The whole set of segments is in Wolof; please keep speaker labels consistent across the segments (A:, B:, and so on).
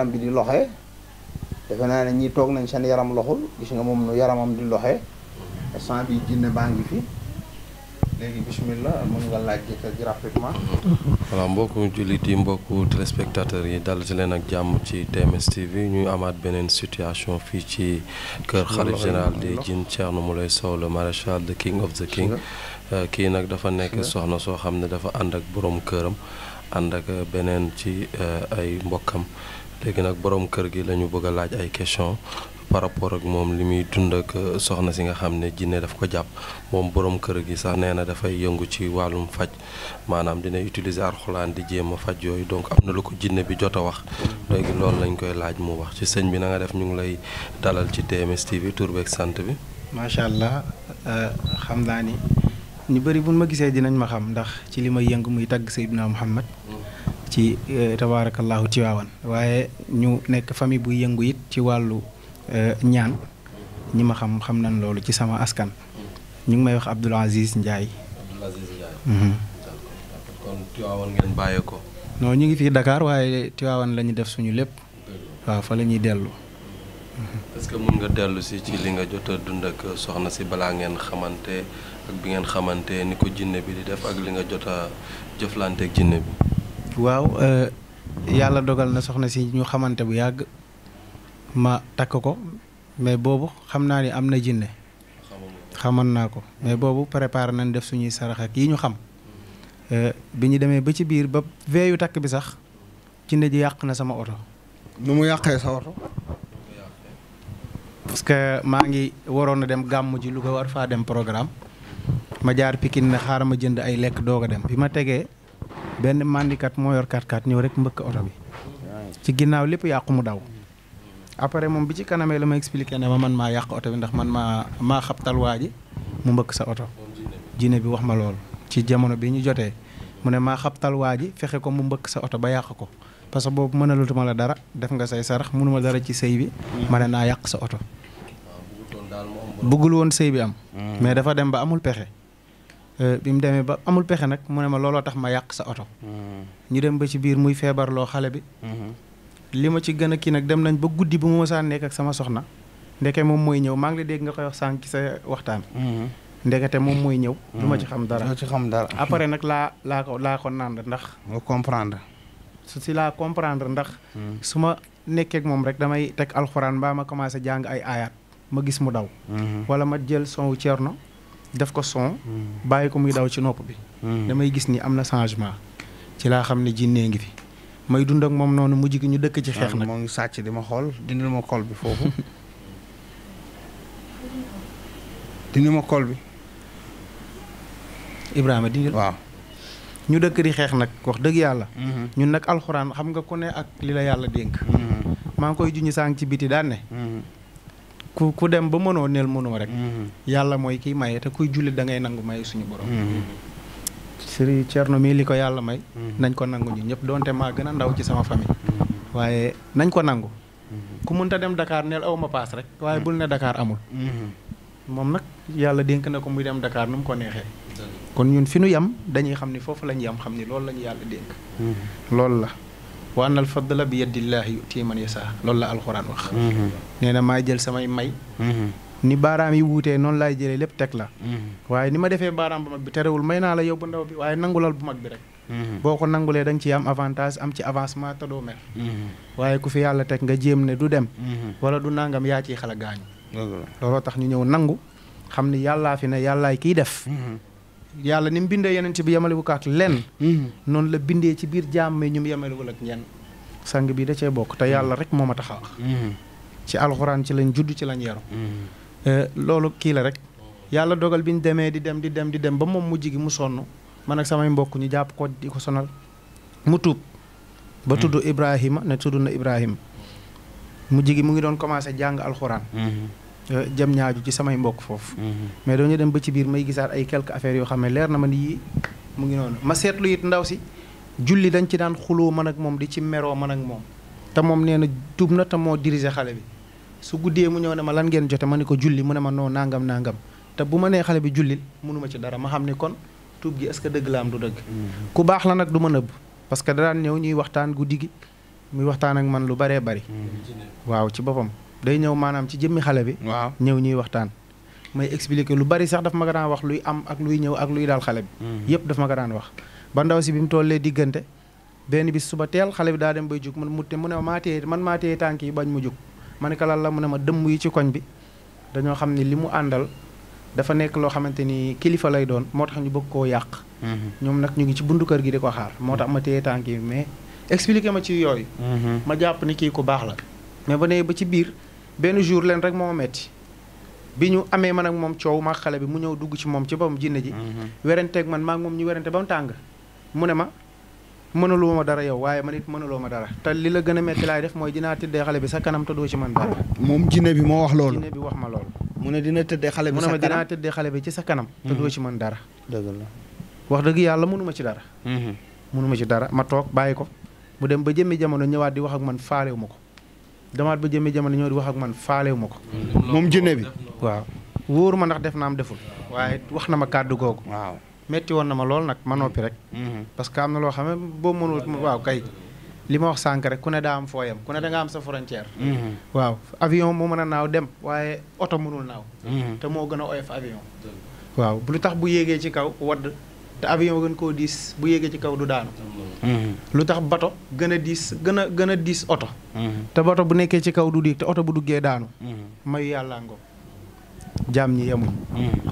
A: yaram bi di loxe defe ñii toog nañ seen yaram loxul gis nga moom nu yaramam di loxe instant bi
B: mbokku jullit yi mbokku téléspectateurs yi dal si leen ak jàmm ci TMS TV ñuy amaat beneen situation fii ci kër xalif di des Djinns na Moulé Sow le maréchal the king of the king euh, kii nag dafa nekk soxna soo xam ne dafa ànd ak boroom këram ànd ak beneen ci euh, ay mbokkam léegi nag borom kër gi lañu ñu bëgg a laaj ay question par rapport ak moom li muy dund ak euh, soxna si nga xam ne jinne daf ko jàpp moom borom kër gi sax nee na dafay yëngu ci wàllum faj maanaam dina utiliser arxulaan di jéem a faj yooyu donc am na lu ko jinne bi jot a wax léegi loolu lañ koy laaj mu wax ci sëñ bi na nga def ñu ngi lay dalal ci TMS TV tour beeg sant bi.
C: macha allah euh, xam naa ni ñu bëri bu ma gisee dinañ ma xam ndax ci li may yëngu muy tagg Seydina Muhammad ci eh, tabaarakallaahu Tiwaawan waaye ñu nekk famille buy yëngu it ci wàllu eh, ñaan ñi ma xam xam nañ loolu ci sama askan. ñu ngi may wax Abdoul Aziz Ndiaye. Abdoul
B: Aziz Ndiaye. Mhm. bàyyee ko.
C: non ñu ngi fii Dakar waaye Tiwaawan la ñu def suñu lépp. waaw fa la dellu.
B: Mhm. est que mën nga dellusi ci li nga jot dund ak soxna si balaa ngeen xamante ak bi ngeen xamante ni ko jinne bi di def ak li nga jot a jëflante ak jinne bi.
C: waaw euh, yàlla dogal na soxna si ñu xamante bu yàgg ma takk ko mais boobu xam naa ni am na jinne xaman naa ko mais boobu préparé nañ def suñuy sarax ak yi ñu xam euh, bi ñu demee ba ci biir ba veeyu takk bi sax jinne ji yàq na sama oto nu mu yàqee sa oto parce que maa ngi waroon a dem gàmm ji lu ko war faa dem programme ma jaar pikin na xaaral ma jënd ay lekk doog dem bi ma tegee benn mandikat moo yor 4-4 ñëw rek mbëkk oto bi ci ginnaaw lépp yàqu mu daw après moom bi ci kanamee la ma expliqué ne ma man maa yàq oto bi ndax man maa maa xabtal waa ji mu mbëkk sa oto jinne bi wax ma lool ci jamono bi ñu jotee mu ne maa xabtal waa ji fexe ko mu mbëkk sa oto ba yàq ko parce que boobu mënalutuma la dara def nga say sarax mënuma dara ci sëy bi ma ne naa yàq sa oto bëggul woon sëy bi am hmm. mais dafa dem ba amul pexe Euh, bi mu demee ba amul pexe nag mu ne ma looloo tax ma yàq sa oto. Hmm. ñu dem ba ci biir muy feebarloo xale bi. Hmm. li ma ci gën a kii nag dem nañ ba guddi bu ma mosaan nekk ak sama soxna ndeke moom mooy ñëw maa ngi la dégg nga koy sànq sa waxtaan. Hmm. ndekete moom mooy ñëw. du ma ci xam dara du ci xam dara. après nag laa laa ko laa ndax. nga comprendre. su si laa comprendre ndax. su ma nekkee moom rek damay teg alxuraan mbaa ma commencé jàng ay aayaat ma gis mu daw. wala ma jël son cerno def ko son. Hmm. bàyyi ko muy daw ci nopp bi. Hmm. damay gis ni am na changement. ci laa xam ne jinne ngi fi. may dund ak moom noonu mujj gi ñu dëkk ci xeex ah, nag moo ngi sàcc di ma xool dindi ma kol bi foofu. dindi ma kol bi. Ibrahima dindi waaw. ñu dëkk di xeex nag wax dëgg yàlla. Hmm. ñun nag alxuraan xam nga ko ne ak li la yàlla dénk. maa ngi koy juñu sànq ci biti daan ne. ku ku dem ba mënoo neel mënoo rek. Mm-hmm. yàlla mooy kiy maye te kuy jullit da ngay nangu maye suñu borom. Mm-hmm. sëriñ Thierno mii li ko yàlla may. Mm-hmm. nañ ko nangu ñu ñëpp donte maa gën a ndaw ci sama famille. waaye nañ ko nangu. ku mënta dem Dakar neel aw ma paas rek. waaye bul ne dakaar amul. moom nag yàlla dénk na ko muy dem Dakar nu mu ko neexee. kon ñun fi nu yem dañuy xam ni foofu la ñu xam ni loolu lañu ñu yàlla dénk. loolu la. wa anna al fadla bi yadillaahi yuti man yasaa loolu la alxuraan wax mhm. nee na maa jël samay may mhm. ni baaraam yi wuutee noonu laay jëlee lépp teg la mhm. waaye ni ma defee baaraam bu mag bi terewul may naa la yow bu ndaw bi waaye nangulal bu mag bi rek boo ko nangulee da nga ciy am avantage am ci avancement te doo mer waaye ku fi yàlla teg nga jéem ne du dem wala du nangam yaa ciy xala gaañu looloo tax ñu ñëw nangu xam ni yàllaa fi ne yàllaay kiy def yàlla ni mu bindee yonent bi yemalewu ko ak lenn. Mhm. noonu la bindee ci biir jaam mais ñu yemalewul ak ñenn. sang bi da cee bokk te mhm. yàlla rek moom ma tax a wax. Mhm. ci alxuraan ci lañ judd ci lañ yaru euh, loolu kii la rek. yàlla dogal bi ñu demee di dem di dem di dem ba moom mujj gi mu sonn man ak samay mbokk ñu jàpp ko di ko sonal mu tuub. ba tudd Ibrahima ne tudd na Ibrahima. mujj gi mu ngi doon commencé jàng alxuraan. Euh, jëm ñaaju ci samay mbokk foofu. Mhm. mais doo dañu dem ba ci biir may gisaat ay quelques affaires yoo xam ne leer na ma ni mu ngi noonu ma seetlu it ndaw si julli dañ ci daan xuloo man ak moom di ci meroo man ak moom. te moom nee na tuub na te moo diriger xale bi su guddee mu ñëw ne ma lan ngeen jote ma ne ko julli mu ne ma noo nangam nangam te bu ma nee xale bi jullil mënuma ci dara ma xam ne kon tuub gi est que dëgg la am du dëgg. Mhm. ku baax la nag du ma nëbb parce que da daan ñëw ñuy waxtaan guddi gi muy waxtaan ak man lu baree bari.
D: Mhm.
C: ci boppam. day ñëw maanaam ci jëmmi xale bi. waaw ñëw ñuy waxtaan. may expliquer lu bari sax daf ma ko daan wax luy am ak luy ñëw ak luy daal xale bi. Mhm. yëpp daf ma ko daan wax. ba ndaw si bi mu tollee diggante benn bi suba teel xale bi daa dem bay jug man mu te mu ne maa téye man maa tànk yi bañ mu jug ma ne ko lan la mu ne ma dëmm yi ci koñ bi dañoo xam ni li mu àndal dafa nekk loo xamante ni kilifa lay doon moo tax ñu bëgg koo yàq. Mhm. ñoom nag ñu ngi ci buntu kër gi di ko xaar moo tax ma mhm. téye tànk yi mais expliquer ma ci yooyu. ma jàpp ni kii benn jour leen rek moo metti bi ñu amee man ak moom coow maa xale bi mu ñëw dugg ci moom ci boppam jinne ji. Mm-hmm. werenteeg man maa moom ñu werante ba mu tàng. mu ne ma mënuloo ma dara yow waaye man it mënuloo ma dara te li la gën a laay def mooy dinaa tëddee xale bi sa kanam te doo ci man dara.
A: moom jinne bi moo wax loolu. jinne bi
C: wax ma loolu. mu ne dina tëddee xale bi sa kanam mu ne ma dinaa xale bi ci sa kanam. te doo mm-hmm. ci mën dara. dëgg la wax dëgg yàlla mënu ma ci dara. Mm-hmm. mënu ci dara ma toog bàyyi ko mu dem ba jëmmi jamono ñëwaat di wax ak man faalewu ma ko damaat ba jëmee jamono ñoo di wax ak man faalewu ma ko. moom jinne bi waaw. wóoru ma ndax def na am deful. waaye wax na ma kàddu googu. waaw metti woon na ma lool nag ma noppi rek. Mm-hmm. parce que am na loo xam ne boo mënul waaw kay. li ma wax sànq rek ku ne daa am fooyam ku ne danga am sa frontière. Mm-hmm. waaw avion moo mën a naaw dem waaye oto mënul naaw. Mm-hmm. te moo gën a oyof avion. waaw lu tax bu yéegee ci kaw wadd te avion gën koo diis bu yéegee ci kaw du daanu. Mm-hmm. lu tax bato gën a diis gën a gën a diis oto. Mm-hmm. te bato bu nekkee ci kaw du diig te oto bu duggee daanu. Mm-hmm. mayu yàlla ngoog jaam ñi yemuñ.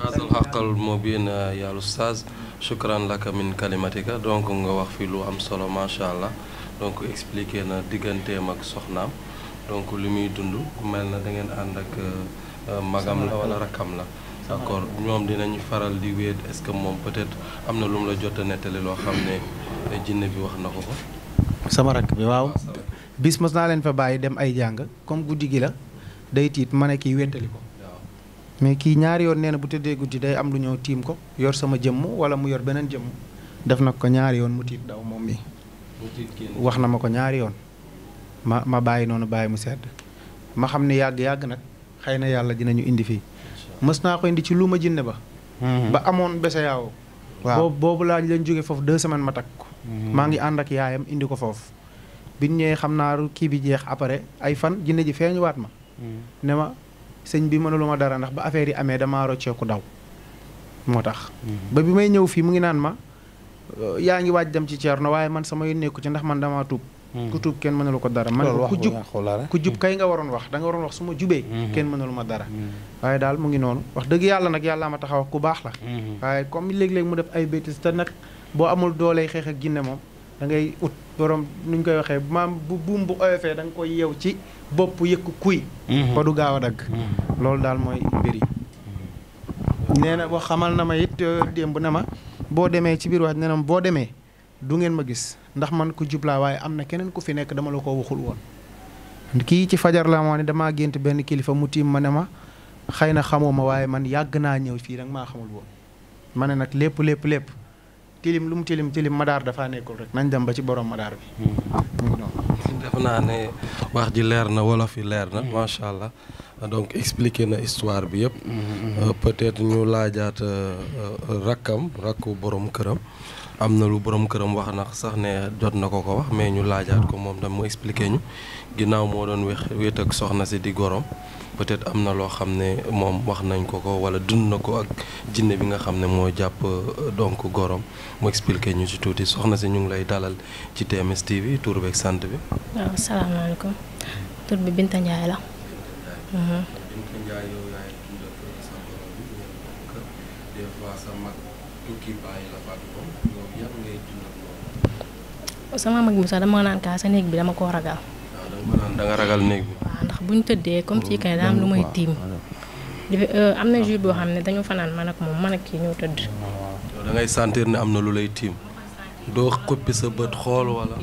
B: haazal haqqal mubiin yaa ustaaz shukran laka min kalimatika donc nga wax fi lu am solo macha allah donc explique na digganteem ak soxnaam donc li muy dund mel na da ànd ak euh, magam la wala rakkam la. d' accord dinañu faral di wéet est ce que moom peut am na lu mu la jot a nettali loo xam ne jinne bi wax na ko ko.
C: sama rakk bi waaw bis mos naa leen fa bàyyi dem ay jàng comme guddi gi la day tiit ma ne kii wéntali ko. mais kii ñaari yoon nee na bu tëddee guddi day am lu ñëw tiim ko yor sama jëmm wala mu yor beneen jëmm def na ko ñaari yoon mu tiit daw moom mi wax na ma ko ñaari yoon ma ma bàyyi noonu bàyyi mu sedd ma xam ne yàgg yàgg nag xëy na yàlla dinañu indi fii. mës naa ko indi ci lu ma jinne ba. Mhm. ba amoon bese yaaw. waaw boobu laa leen jóge foofu deux semaine ma takk ko. Mhm. maa ngi ànd ak yaayam indi ko foofu. bi ñëwee xam naa kii bi jeex après ay fan jinne ji feeñuwaat ma. Mhm. ne ma sëñ bi mënuluma dara ndax ba affaire yi amee damaa rocceeku daw. moo tax. ba bi may ñëw fii mu ngi naan ma yaa ngi waaj dem ci Thierno waaye man sama yoon nekku ci ndax man damaa tuub. Hmm. ku tuub kenn mënalu ko dara man ku jub ku jub kay nga waroon wax da nga waroon wax su ma jubee hmm. Hmm. kenn mënalu ma dara waaye daal mu ngi noonu wax dëgg yàlla nag yàlla ma taxaw ku baax la waaye comme léeg-léeg mu def ay bêtises te nag boo amul dooley xeex ak jinne moom da ngay ut borom ñu koy waxee maam bu buum bu oyofee danga koy yew ci bopp yëkk kuy ba du gaaw a dagg loolu daal mooy mbir yi nee na boo xamal na ma it euh, démb na ma boo demee ci biir wax nee boo demee du ngeen ma gis ndax man ku jublaa waaye am na keneen ku fi nekk dama la ko waxul woon kii ci fajar la moo ne damaa gént benn kilifa mu tiim ma ne ma xëy na xamoo ma waaye man yàgg naa ñëw fii nag maa xamul woon ma ne nag lépp lépp lépp tilim lu mu tilim tilim madaar dafaa nekkul rek nañ dem ba ci borom madaar bi
B: hmm. def naa ne wax ji leer na wolof yi leer na macha allah donc expliqué na histoire bi yëpp hmm. euh, être ñu laajaat euh, euh, rakkam rakku borom këram am na lu borom këram wax na sax ne jot na ko ko wax mais ñu laajaat ko moom tam mu expliqué ñu ginnaaw moo doon wex wéet ak soxna si di gorom peut-être am na loo xam ne moom wax nañ ko ko wala dund na ko ak jinne bi nga xam ne moo jàpp euh, donc gorom mu expliqué ñu ci tuuti soxna si ñu ngi lay dalal ci TMS TV tur bi. waaw
D: salaamaaleykum tur bi Binta mhm. Ndiaye sama mag bi sax dama naan kaa sa néeg bi dama ko ragal.
B: da nga ragal néeg bi. waaw
D: ndax bu ñu tëddee comme ci kay daa lu may tiim. Euh, am na jour boo xam ne fanaan man ak moom man kii ñoo tëdd.
B: da ngay am na lu lay tiim. doo xuppi sa bët xool wala.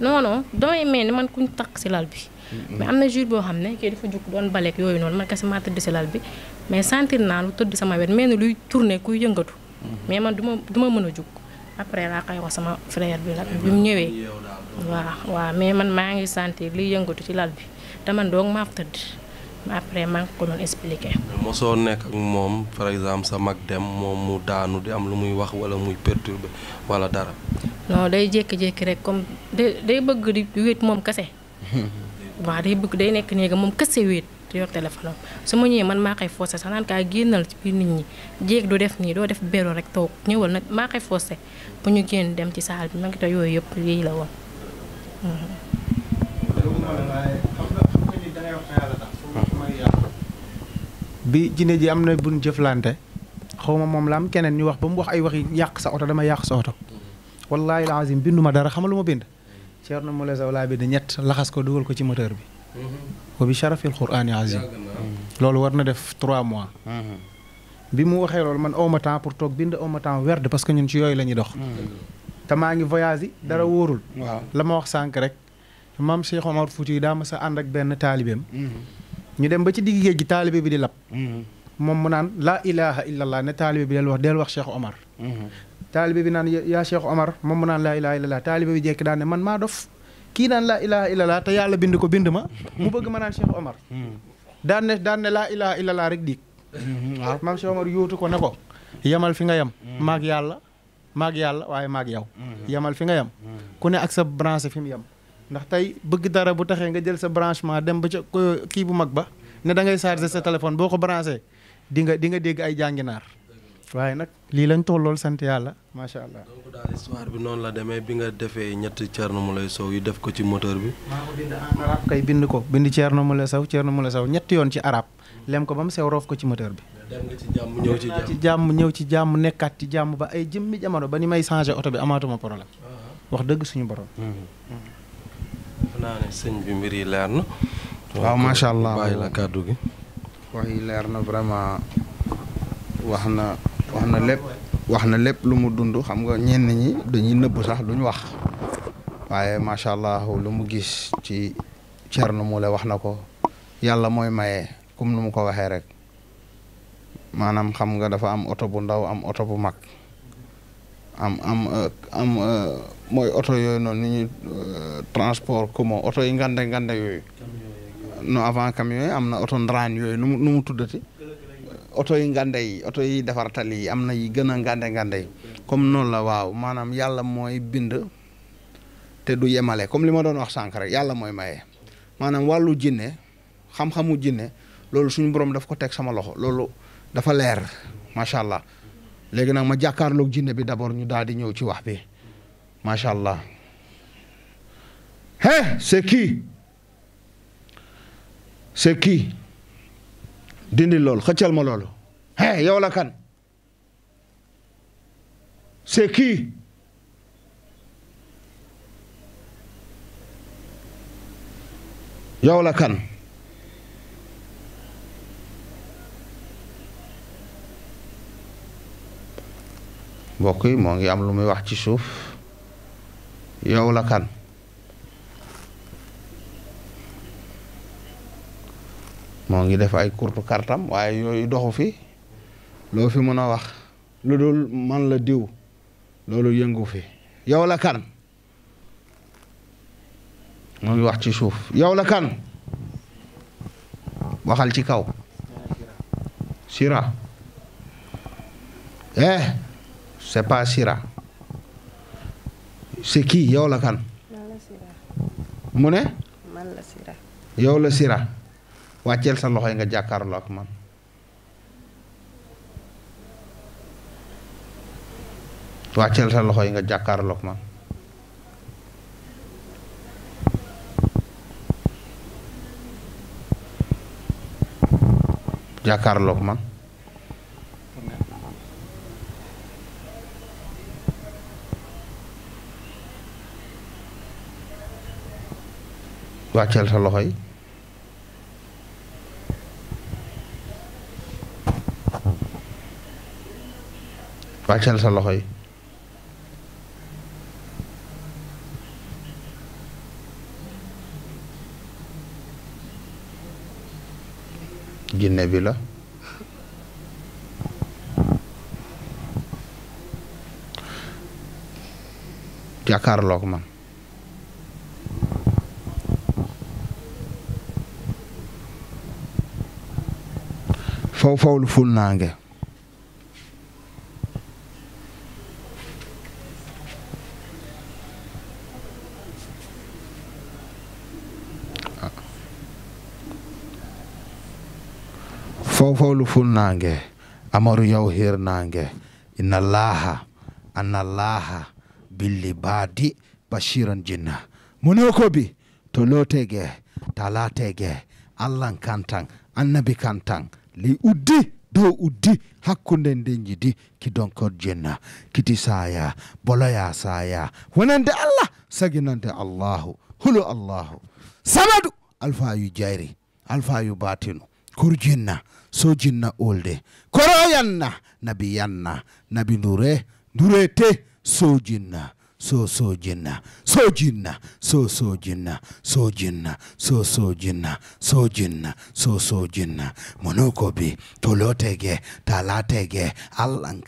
D: non non damay mel ni man kuñ takk si lal bi. mais am na jour boo xam ne kii dafa jug doon baleek yooyu noonu man kese maa tëdd si lal bi mais sentir naa lu tëdd sama wet mel ni luy tourner kuy yëngatu. mais man du ma du mën a jug. après laa koy wax sama frère bi la bi mu ñëwee waaw waaw mais man maa ngi sentir liy yëngatu ci lal bi te man doog maa tëdd après maa ngi ko doon expliqué.
B: mosoo nekk ak moom par exemple sa mag dem moom mu daanu di am lu muy wax wala muy perturbé wala dara.
D: non day jékki-jékki rek comme day day bëgg di wéet moom kese. waaw day bëgg day nekk néega moom kese wéet. te yor su ma ñëwee man maa koy forcé sax naan kaa génnal ci biir nit ñi jéeg du def nii doo def béro rek toog ñëwal nag maa koy forcé bu ñu génn dem ci saal bi te yooyu yëpp yii la woon. Mhm.
C: bi jinne ji am na buñ jëflante xaw ma moom la am keneen ñu wax ba mu wax ay waxi yàq sa oto dama yàq sa oto wallaahi alazim bindu ma dara xamal lu ma bind. Thierno mhm. Moule sa laa bind ñett laxas ko dugal ko ci moteur bi.
D: Mm-hmm.
C: wa bi sharafil qur'aani azim
D: mm-hmm.
C: loolu war na def trois mois mm-hmm. bi mu waxee loolu man awma temps pour toog bind awma temps werd parce que ñun ci yooyu la ñuy dox te maa ngi voyage yi dara wóorul la ma wax sànq rek maam Cheikh Omar Fouti yi daa ma sa ànd ak benn taalibeem ñu dem ba ci digg géej gi taalibe bi di lab moom mu naan la ilaha illallah ne taalibe bi del wax del wax Cheikh Omar taalibe bi naan yaa Cheikh Omar moom jekk daan ne man maa dof kii naan laa ilaha illallah te yàlla bind ko bind ma. mu bëgg ma naan Cheikh Omar. Hmm. daan ne daan ne laa ilaha illallah rek diig. Hmm, maam Cheikh Omar yóotu ko ne ko. yamal fi nga yem. Hmm. maag yàlla maag yàlla waaye maag yow. yamal fi nga yem. ku ne ak sa branche fi mu yem. ndax tey bëgg dara bu taxee nga jël sa branchement dem ba ca kii bu mag ba. ne da ngay sa téléphone boo ko branché di nga di nga dégg ay jànginaar. waaye nag lii lañ tollool sant yàlla macha allah.
B: donc bi noonu la demee bi nga defee ñetti Thierno Moule Sow yi def ko ci moteur bi. maa
C: ko bind en arabe kay bind ko bind Thierno Moule Sow ñetti yoon ci arab lem ko ba mu sew ko ci moteur bi. dem jàmm ñëw ci jàmm nekkaat ci jàmm ba ay jëmmi jamono ba ni may changé oto bi amaatuma problème. Ah. wax dëgg suñu borom.
B: Hmm. defe mbir yi leer na. waaw macha kàddu gi.
A: wax yi leer na vraiment wax na. wax na lépp wax na lépp lu mu dund xam nga ñenn ñi dañuy nëbb sax duñ wax waaye macha allah lu mu gis ci nu mu Moule wax na ko yàlla mooy maye comme nu mu ko waxee rek maanaam xam nga dafa am oto bu ndaw am oto bu mag am am uh, am uh, mooy oto yooyu noonu ñu uh, transport commun oto yi ngande ngande yooyu. non avant camion yi am na oto ndaraan yooyu nu mu tuddati. oto yi ngande yi oto yi defar tali am na yi gën a ngande ngande yi comme noonu la waaw maanaam yàlla mooy bind te du yemale comme li ma doon wax sànq yàlla mooy maye maanaam wàllu jinne xam-xamu jinne loolu suñu borom daf ko teg sama loxo loolu dafa leer macha allah léegi nag ma jàkkaarloog jinne bi d'abord ñu daal di ñëw ci wax bi macha allah. hé c'est qui dindi loolu xëccal ma loolu hey yow la kan c'est qui yow la kan mbokk yi moo ngi am lu muy wax ci suuf yow la kan moo ngi def ay courte kartam waaye yooyu doxu fi loo fi mën a wax lu dul man la diw loolu yëngu fi yow la moo ngi wax ci suuf yow la waxal ci kaw sira eh c'est pas yow la kan mu ne yow la sira wàcceel sa loxo yi nga jàkkaarloo ak man wàccel sa loxo yi nga jàkkaarloo ak man jàkkaarloo ak man sa loxo yi wàccal sa loxoy yi jinne bi la jàkkaarloog man faw faw lu ful naange fawlu fulnaange amaru yaw hirnaange inna laaha anna laaha billi baadi bashiran jinna mono ko bi to lootege ta kantan annabi kantan ley uddi dow uddi hakkunde nden jidi kidonkor jinna kiti saya boloya saya wonande allah saginande allahu hulu allahu samadu alfayu jayri alfayu batinu kurjinna sojinna olde koroyanna nabi yanna nabi ndure ndurete sojinna so sojinna sojinna so sojinna sojinna so sojinna sojinna so sojinna monoko bi tolotege talatege allan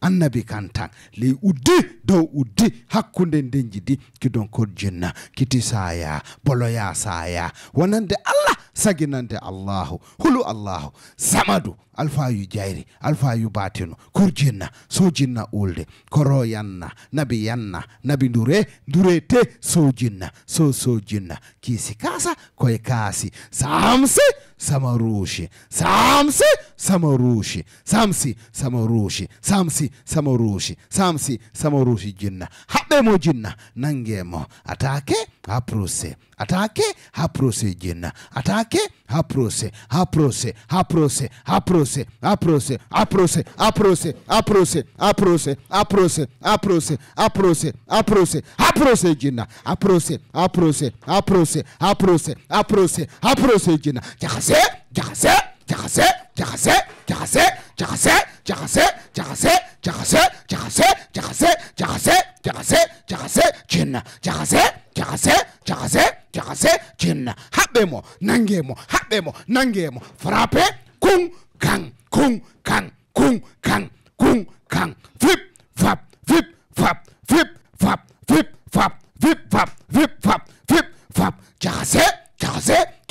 A: annabi kantan ley uddi dow uddi hakkunde ndenjidi kidon korjinna kiti saya boloya saya wonande allah saginante allahu hulu allahu samadu alfayu jayri alfayu batinu kurjinna sojinna ulde koro yanna nabi yanna nabi ndure ndurete sojinna so sojinna kiisi kaasa koye kaasi samse samarushi samse samarushi samsi samarushi samsi samarushi samsi samarushi jinna haɓɓe mo jinna nangue mo atake ha procé atake ha procé jinna atake ha procé ha procé ha procé ha procé ha procé ha procé ha procé ha procé ha procé ha procé ha procé ha procé ha procé ha procé jinna ha procé ha procé ha procé ha procé ha procé ha procé jinna jahase jahase jahase jaxase jaxase jaxase jaxase jaxase jaxase jaxase jaxase jaxase jaxase jaxase cinna jaxase jaxase jaxase jaxase cinna haɓɓe mo nangue mo haɓɓe mo nangue mo frappé kun kan kun kan kun kan kun kan fip fap fip fap fip fap fip fap fip fap fip fap fip fap jaxase jaxase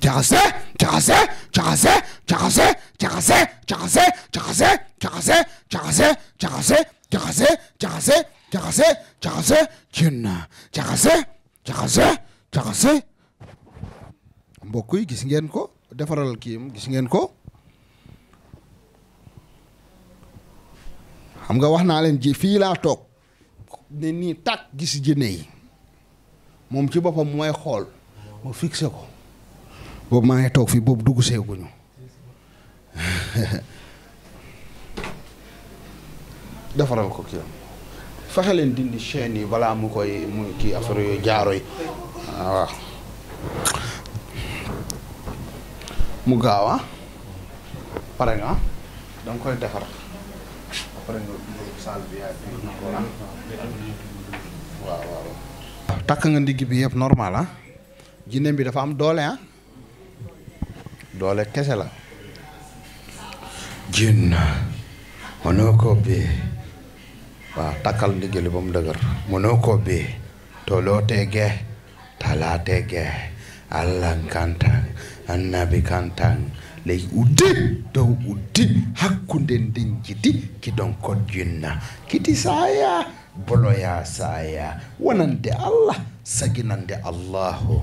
A: Jacase, Jacase, Jacase, Jacase, Jacase, Jacase, Jacase, Jacase, Jacase, Jacase, Jacase, Jacase, yi gis ngeen ko defaral kiim gis ngeen ko. xam nga wax naa leen ji fii laa toog ne nii tàkk gis jinne yi moom ci boppam mooy xool ma fixé ko. boobu maa ngi toog fii boobu dugg seeguñu defaral ko kii fexe leen dindi chaîne yi balaa mu koy mu kii affaire yooyu jaaro yi ah, waaw mu gaaw ah pare nga ah. da nga koy defar après bi yaay ah, takk nga ndigg bi yëpp normal jinne bi dafa am doole ah doole kese la jinn mënoo koo bee waaw takkal ndigali ba mu dëgër mënoo koo bee tooloo tege talaa tege allan annabi kantan ley udde dow uddi hakkunde nden jidi kidon kod jinna kiti saya boloya saya wonande allah saginande allahu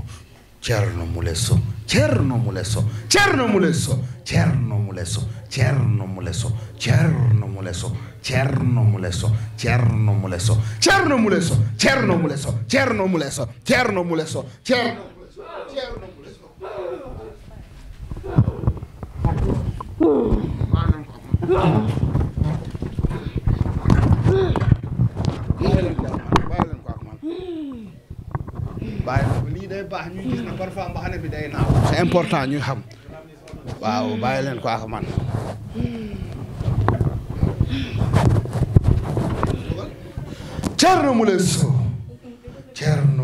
A: ceerno muleso Cerno Moule Sow Cerno Moule Sow Cerno Moule Sow Cerno Moule Sow Cerno Moule Sow Cerno Moule Sow Cerno Moule Sow Cerno Moule Sow Cerno Moule Sow Cerno Moule Sow Cerno Moule Sow Cerno Moule Sow Cerno Moule Sow bàyyi lii day baax ñuy gis na parfois mbaxane bi day naaw c'est important ñuy xam waaw leen ko ak man Thierno Moule Sow Thierno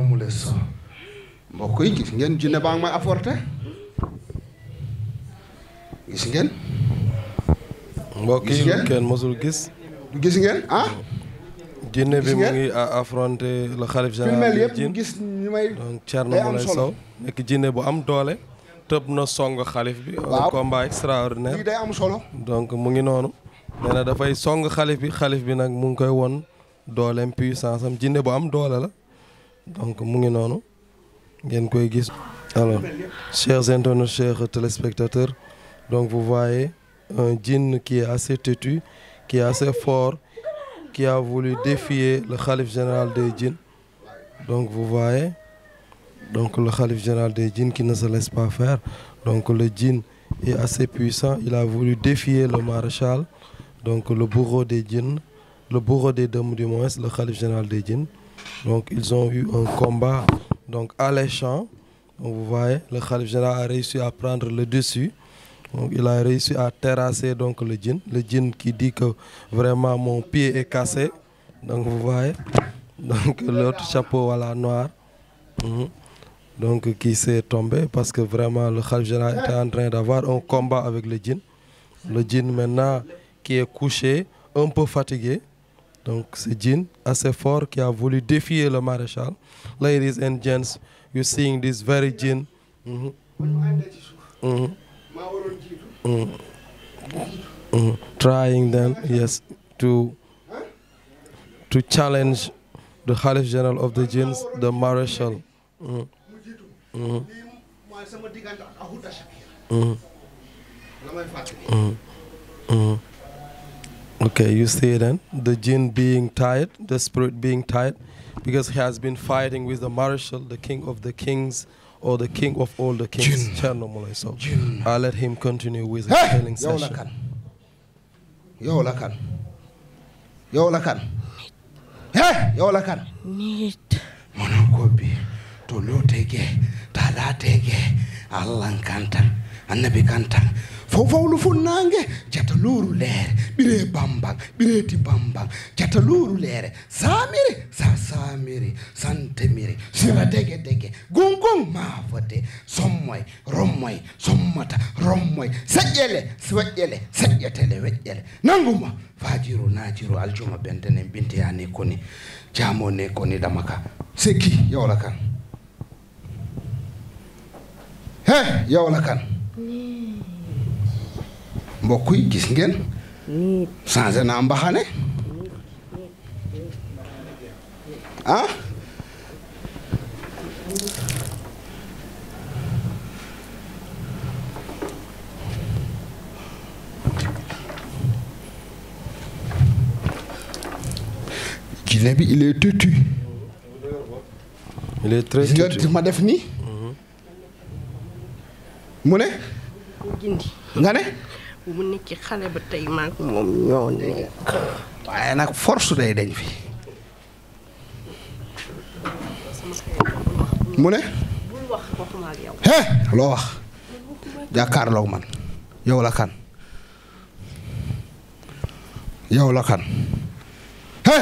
A: yi gis ngeen jinne baa ngi may apporté gis ngeen
B: mbokk kenn mosul gis
A: gis ngeen ah
B: jinne bi mu ngi euh, affronté le xalif général yëpp gis ñu may donc Thierno Moulay Sow nekk jinne bu am doole tëb na song xalif bi un combat extraordinaire am solo donc mu ngi noonu nee dafay song xalif bi xalif bi nag mu ngi koy won dooleem puissance am jinne bu am doole la donc mu ngi noonu ngeen koy gis alors chers internautes chers téléspectateurs donc vous voyez ki djinn qui est assez têtu qui est qui a voulu défier le khalife général des djinns. Donc vous voyez, donc le khalife général des djinns qui ne se laisse pas faire. Donc le djinn est assez puissant, il a voulu défier le maréchal, donc le bourreau des djinns, le bourreau des dëmm du moins, le khalife général des djinns. Donc ils ont eu un combat donc alléchant. Donc vous voyez, le khalife général a réussi à prendre le dessus. Donc, il a réussi à terrasser donc, le djinn. Le djinn qui dit vraiment mon pied est cassé. Donc vous Donc l'autre chapeau voilà, noir. Mhm. Donc qui s'est tombé parce que vraiment le Khalif général était en train d'avoir un combat avec le djinn. Le djinn maintenant qui est couché, un peu fatigué. Donc c'est djinn assez fort qui a voulu défier le maréchal. Ladies and gents, you seeing this very djinn. Mm -hmm. Mm Mm, mm, trying then, yes, to to challenge the Khalif General of the Jinns, the Marshal. Mm, okay, you see then, the jinn being tired, the spirit being tired, because he has been fighting with the Marshal, the king of the kings. or the king of all the kings Thierno Moulé Sow I'll let him continue with his healing session yow la kan yow la kan yow
A: la kan eh yow la kan nit mono ko bi to lotege talatege Allah kantan annabi kantan fofowlu fuu nangue jata luru leere ɓire bamban ɓireeti bamban jata luru leere samiri sa samiri santemiri sira dege dege gongon maafode sommoye rommoye sommata rommoye seƴƴele weƴƴele seƴƴetele weƴƴele nanguma fajiru najiru aljuma bentenen ɓinteyani koni jamo ne koni ɗama ka sekki yawla kan he yawla kan mbokk yi gis ngeen changé naa mbaxane ah jinne bi il est têtu il est ma def nii mhm. mu ne
E: nga ne bu mu nekk xale ba tey maak
A: moom ñoo nekk. waaye nag force day dañ fi. mu ne.
D: bul
A: loo wax. jàkkaarloog man yow la kan. yow la kan. hé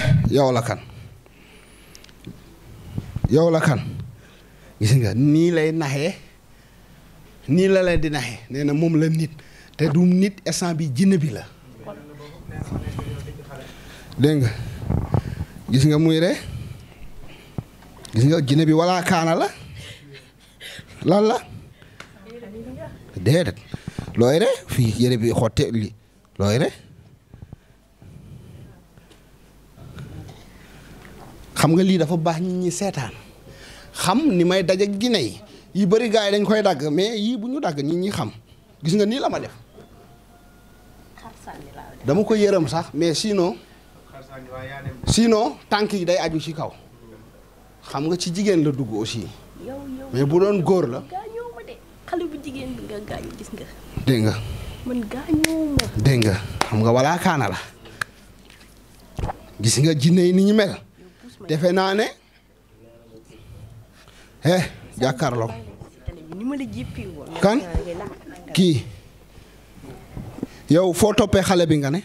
A: yow la kan. gis nga nii lay naxee nii la lay di naxee nee na moom la nit. te du nit instant bi jinne bi la dégg nga gis nga muy re gis nga jinne bi wala kaana la lan la de looy re fii yére bi xotte li looy re xam nga lii dafa baax nit ñi seetaan xam ni may daje gine yi yi bari gars yi dañ koy dagg mais yii bu ñu dagg nit ñi xam gis nga nii la ma def dama ko yërëm sax mais sinon sinon tànk yi day aju ci kaw xam nga ci jigéen la dugg aussi mais bu doon góor la.
E: gaañoo ma dégg
A: nga. dégg nga xam nga walaa kaana la gis nga jinne yi ni ñu mel defe naa ne eh jàkkaarloo. kan kii. yow foo toppee xale bi nga ne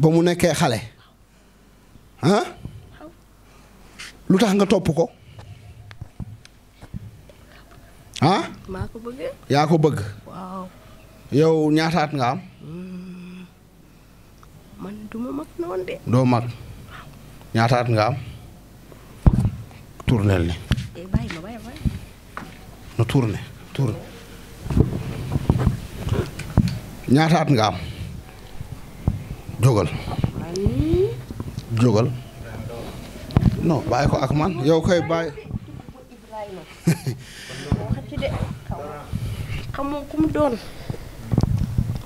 A: ba mu nekkee xale ah lu tax nga topp ko ah yaa ko bëgg yow ñaataat nga am
E: mm, man duma mag
A: doo mag ñaataat nga am tournel ni eh, na tourne tourne ñaata nga am jógal jógal non bàyyi ko ak man yow koy bàyyi.
E: xamoo ku mu doon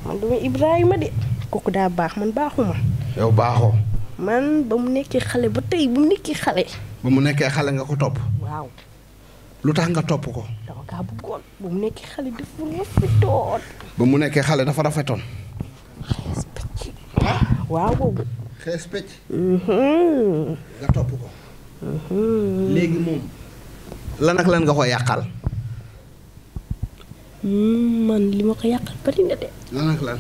E: man duma Ibrahima de kooku daa baax man baaxuma yow baaxoo. man ba mu nekkee xale ba tey mu nekkee xale.
A: ba mu nekkee xale nga ko topp. lu tax nga topp ko.
E: daa bëggoon ba mu nekkee xale dafa rafetoon.
A: ba mu nekkee xees pecc. waaw boobu. xees pecc. Mm-hmm. nga topp ko. Mm-hmm. léegi moom. lan lan nga ko yàqal.
E: Mm, man li ma ko yàqal bari na
A: de. lan lan.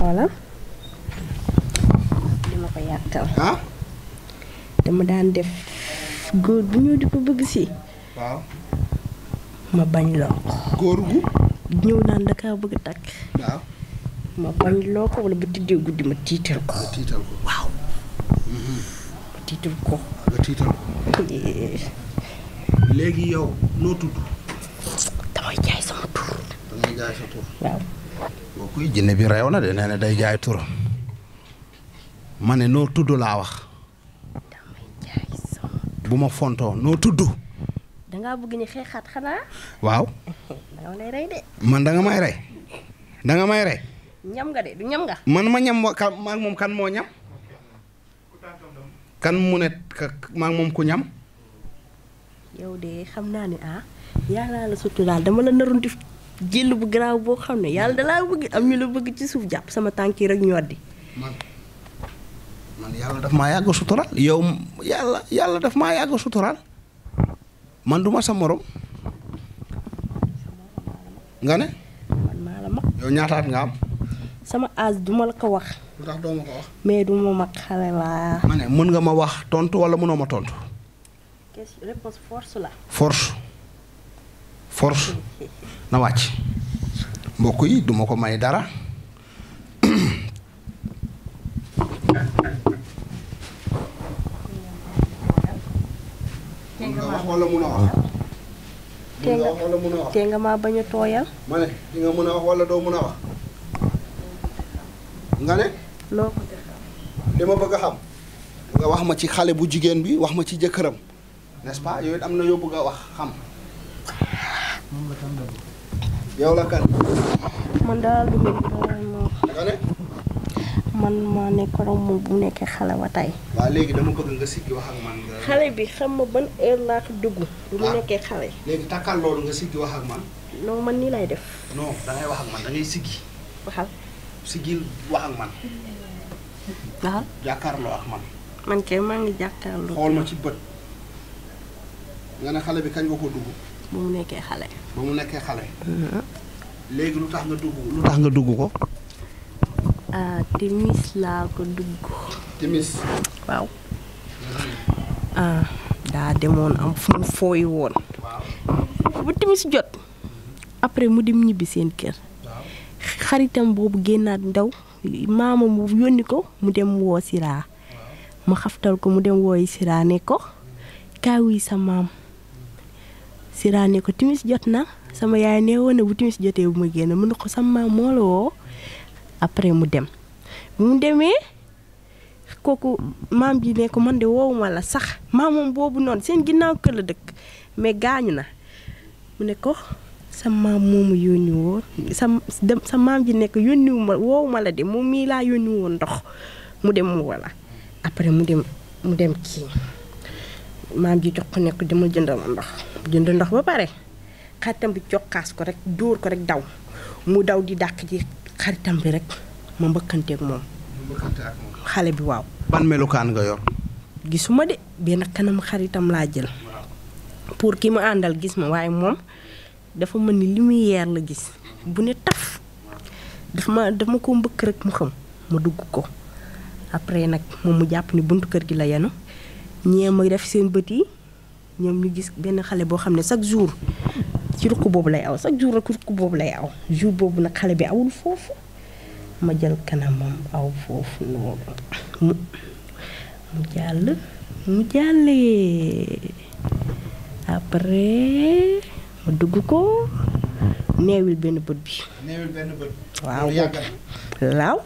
E: voilà. li ma ko yàqal. dama daan def góor bu ñëw di ko bëgg si. ma bañ loo ko. góor gu. ñëw naan da kaa bëgg a takk. ma bañ loo ko wala ba tiddee guddi ma tiital ko.
A: léegi yow noo tudd. damay jaay sama tur. waaw. boo koy jinne bi reew na de nee na day jaay turam. ma ne noo tudd laa wax. damay jaay sama tur bu ma fontoo noo tudd.
E: da ngaa bëgg ñu xeexaat xanaa. waaw. da nga may rey de.
A: man da nga may rey. da nga may rey.
E: ñam nga de du ñam nga.
A: man ma ñam ka ma moom kan moo ñam. kan mu ne ka ma moom ku ñam.
E: yow de xam naa ne ah yàlla la suturaal dama la naroon di bu garaaw boo xam ne yàlla da laa bëgg am ñu la bëgg ci suuf jàpp sama tànk yi rek ñoo di. man
A: man yàgg suturaal yow yàlla yàlla daf maa yàgg suturaal. man duma sa morom nga ne. man maa ñaataat nga am.
E: sama as duma la ko wax. lu tax mais du mag xale laa.
A: ma ne mën nga ma wax tontu wala mënoo ma tontu. fors réponse na wàcc mbokk yi duma ko may dara. wax wala mun mun a wax
E: tee nga maa bañ a tooyal.
A: ma ne mun a wax wala doo mun a wax. nga li ma bëgg a xam. nga wax ma ci xale bu jigéen bi wax ma ci jëkkëram n'est-ce pas yooyu am na yoo bëgg a wax xam. yow la kan. man daal du ma. nga ne. man maa
E: nekkoon moom bu nekkee xale ba tey.
A: waaw léegi dama bëgg nga siggi wax ak man nga.
E: xale bi xam ma ban heure laa ko dugg. bu mu nekkee
A: léegi takkal nga siggi wax ak man.
E: non man nii lay def.
A: non da ngay wax ak man da ngay siggi. man. jàkkaarloo ak man.
E: man kay maa ngi jàkkaarloo.
A: ci bët. nga ne xale bi kañ ko dugg.
E: mu nekkee xale.
A: ba mu nekkee xale. Mm-hmm. léegi lu tax nga dugg lu tax nga dugg ko.
E: ah timis laa ko dugg. timis. waaw. ah daa demoon am fu mu fooy woon. bu timis jot. après mu dem ñibbi seen kër. xaritam boobu génnaat ndaw maamam boobu yónni ko mu dem woo Sira. ma xaftal ko mu dem wooyi Sira ne ko kaay wuy sa maam. siraa ne ko timis jot na sama yaay nee woon ne bu timis jotee bu ma génn mën ko sa maam moo la woo. après mu dem mu demee kooku maam ji ne ko man de woowuma la sax maamoom boobu noonu seen ginnaaw kër la dëkk mais gaañu na mu ne ko sa maam moomu yónni woon sa maam ji nekk yónniwu ma woowuma la de moom mii laa yónni ndox mu dem mu wala après mu dem mu dem kii maam ji jox ko nekk jënd jëndal ndox jënd ndox ba pare xaritam bi joxaas ko rek dóor ko rek daw mu daw di dàq ji xaritam bi rek ma mbëkkanteeg moom. xale bi waaw. ban
A: melukaan nga yor.
E: gisuma de benn kanam xaritam laa jël. pour ki ma àndal gis ma waaye moom dafa mën ni lumière la gis. bu ne taf daf ma daf ma ko mbëkk rek mu xam ma dugg ko après nag moom mu jàpp ni buntu kër gi la yenu ñee ma def seen bët yi. ñoom ñu gis benn xale boo xam ne chaque jour ci ruq boobu lay aw chaque jour rek ruq boobu lay aw jour boobu nag xale bi awul foofu ma jël kanamam aw foofu noonu mu mu jàll mu jàllee après ma dugg ko neewil benn bët bi. neewil benn bët. waaw laaw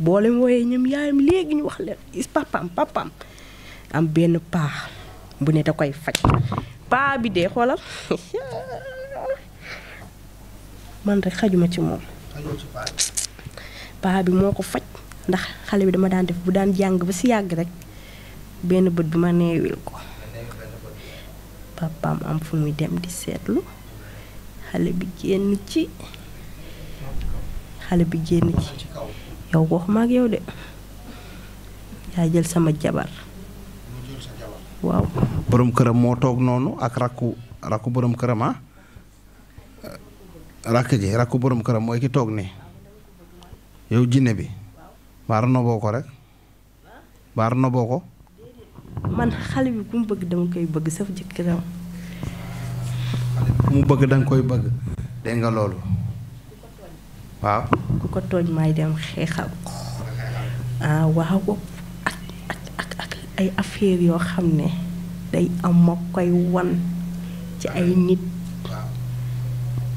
E: boolem wooyee ñoom yaayam léegi ñu wax leen is papaam papaam am benn paax. bu ne da koy faj paa bi dee xoolal man rek xajuma ci moom paa bi moo ko faj ndax xale bi dama daan def bu daan jàng ba ci yàgg rek benn bët bi ma neewil ko papaam am fu muy dem di seetlu xale bi génn ci xale bi génn ci yow waxuma ak yow de yaa jël
A: sama jabar waaw borom këram moo toog noonu ak rakku rakku borom këram ah eh, rakk ji rakku borom këram mooy ki toog nii yow jinne bi baar noboo ko rek baar noboo ko
E: man xale bi ku mu bëgg dama koy bëgg saf jëkkëram
A: xale mu bëgg danga koy bëgg dégg nga loolu waaw
E: ku ko tooñ maay dem xeexal ko ah waaw ay affaire yoo xam ne day am ma koy wan ci ay nit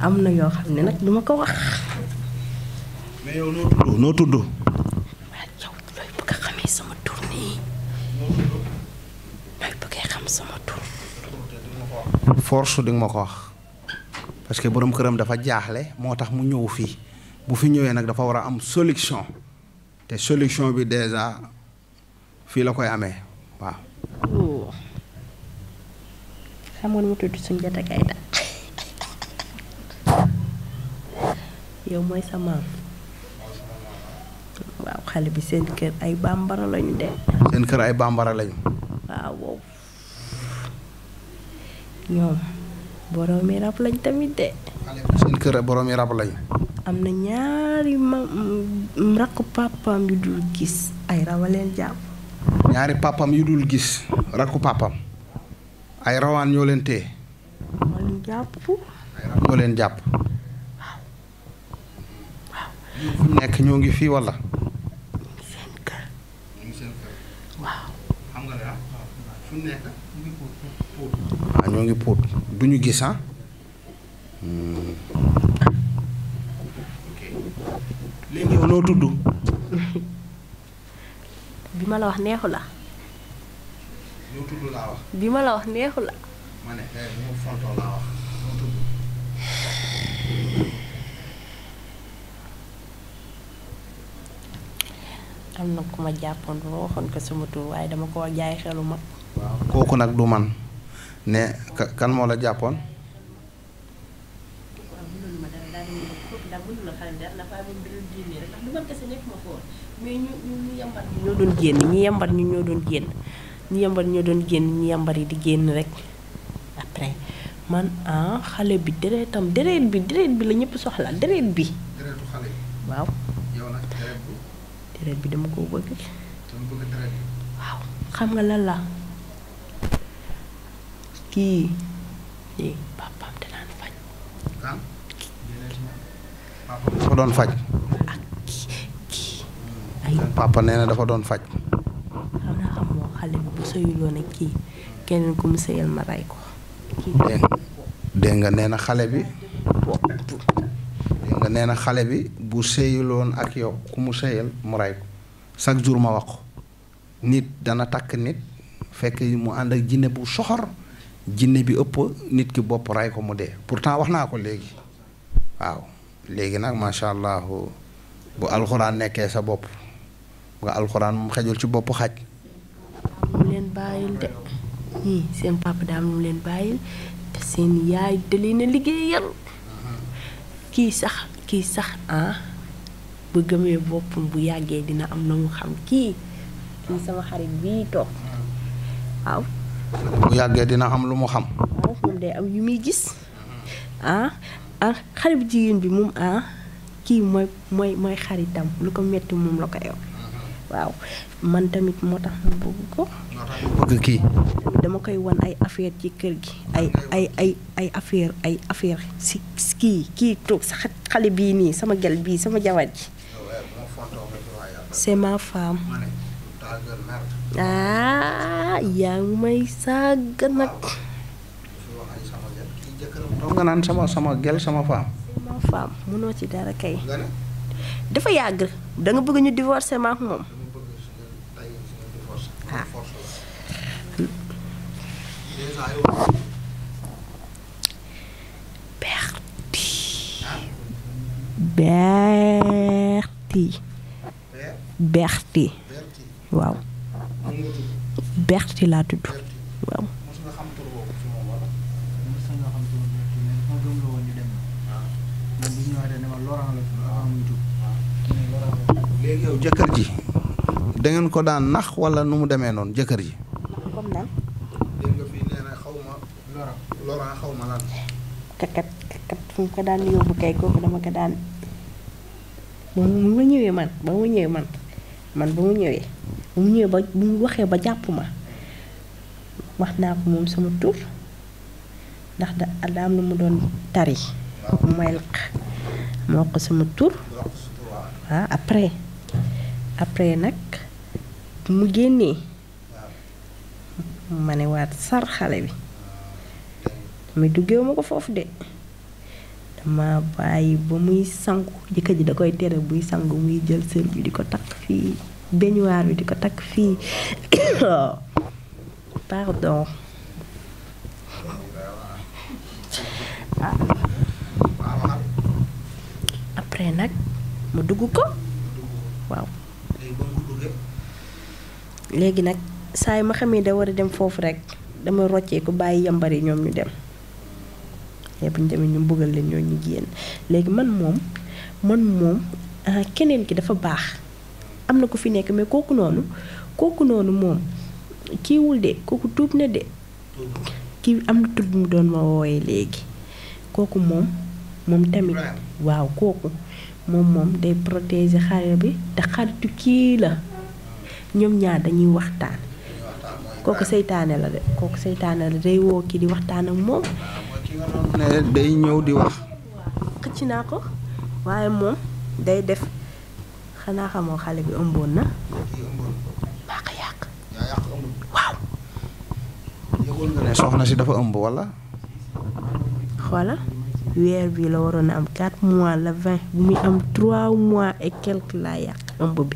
E: am na yoo xam ne nag du ma ko
A: wax. mais yow noo tudd noo tudd. ma ko wax parce que borom këram dafa jaaxle moo tax mu ñëw fii bu fi ñëwee nag dafa war a am solution te solution bi déjà fii la koy amee. waaw.
E: xam nga nu mu tudd Soundiata yow mooy sa maam waaw xale bi seen kër ay bambara
A: lañu de. seen kër ay bambara lañu. waaw wow
E: ñoom boroomi rab lañ tamit de.
A: seen kër boroomi rab lañu.
E: am na ñaari ma rakk papaam yu dul gis ay rawaleen jàpp.
A: ñaari papam yu dul gis rakku papam ay rawaan ñoo leen téye
E: ay rawaan
A: ñoo leen jàpp nekk ñoo ngi fii walla waaw ah, ah, ñoo ngi puut du ñu gis ah hmm. léegi noo tudd
E: bi ma la wax neexu la. yow tudd bi ma la wax neexu la. Eh, am na ku ma jàppoon ba ma waxoon ko sama tur waaye dama koo jaay xelu mag.
A: kooku nag du man ne kan moo la jàppoon.
E: mais ñoo doon génn ñi yambar ñu ñoo doon génn ñi yambar ñoo doon génn ñi yambar yi di génn rek après man ah xale bi deretam deret bi deret bi la ñëpp soxla deret bi. bi. deret dama ko bëgg. waaw xam nga la la kii eh danaan faj.
A: ah. doon faj. papa nee na dafa doon faj.
E: xam bu sëyuloon ak kii keneen ku mu sëyal ma rey ko.
A: dégg nga nee na xale bi. nee na xale bi bu sëyuloon ak yow ku mu sëyal mu rey ko chaque jour ma wax ko nit dana takk nit fekk mu ànd ak jinne bu soxor jinne bi ëpp nit ki bopp rey ko mu dee pourtant wax naa ko léegi waaw léegi nag macha allah bu alxuraan nekkee sa bopp. nga alxuraan moom xejul ci bopp xaj.
E: mu leen bàyyil de ñii seen papa daal mu leen bàyyil te seen yaay da leen a liggéeyal kii sax kii sax ah bu gëmee boppam bu yàggee dina am na mu kii sama xarit bii toog waaw.
A: bu dina am lu mu xam.
E: moom day am yu muy gis ah ah xale jigéen bi moom ah kii mooy mooy xaritam lu ko metti moom la ko yow. waaw man tamit moo tax ma bëgg ko. bëgg kii. dama koy won ay affaire ci kër gi. ay ay ay ay affaire ay affaire si kii kii toog xale bii nii sama gel bii sama jawaat ji. c'est ma femme. ah yaa ngi may saaga nag.
A: toog nga sama sama gel sama femme.
E: c'est ci dara kay. dafa yàgg da bëgg ñu divorcer ak moom.
A: ค่ะเบ
D: รตี
E: เบรตีเบรตี waaw Berti laa tudd waaw
A: jëkkër ji da ngeen ko daan nax wala nu mu demee noonu jëkkër ji. comme nan.
E: kakat kakat fu mu ko daan yóbbu kay kooku dama ko daan ba mu ma ñëwee man ba mu ñëwee man mu mu ñëwee bu mu waxee ba jàpp ma wax naa ko moom sama tur ndax da daa am mu doon tari. mooy laq moo ko sama tur. waaw ah, après. après nag mu génnee ma ne waat sar xale bi mais duggeewu ma ko foofu de dama bàyyi ba muy sangu jëkkër ji da koy tere buy sangu muy jël sër bi di ko takk fii beñuwaar bi di ko takk fii pardon après nag mu dugg ko waaw léegi nag saa yi ma xamee da war a dem foofu rek dama rocceeku bàyyi yambar ñoom ñu dem yëpp ñu demee ñu bëggal leen ñoo ñu génn léegi man moom man moom ah, keneen ki dafa baax am na ku fi nekk mais kooku noonu kooku noonu moom kiiwul de kooku tuub na de kii am na tudd mu doon ma wooyee léegi kooku moom moom tamit waaw kooku moom moom day protéger bi te xaritu kii la ñoom ñaar dañuy waxtaan kooku seytaane la de kooku seytaane la day woo kii di waxtaan ak moom.
A: day ñëw di wax.
E: xëcc naa ko waaye moom day def xanaa xamoo xale bi ëmboon na.
A: maa ko yàq. waaw. soxna si dafa ëmb wala.
E: xoola weer bii la waroon a am 4 mois la vingt bu muy am 3 mois et quelque laa yàq ëmb bi.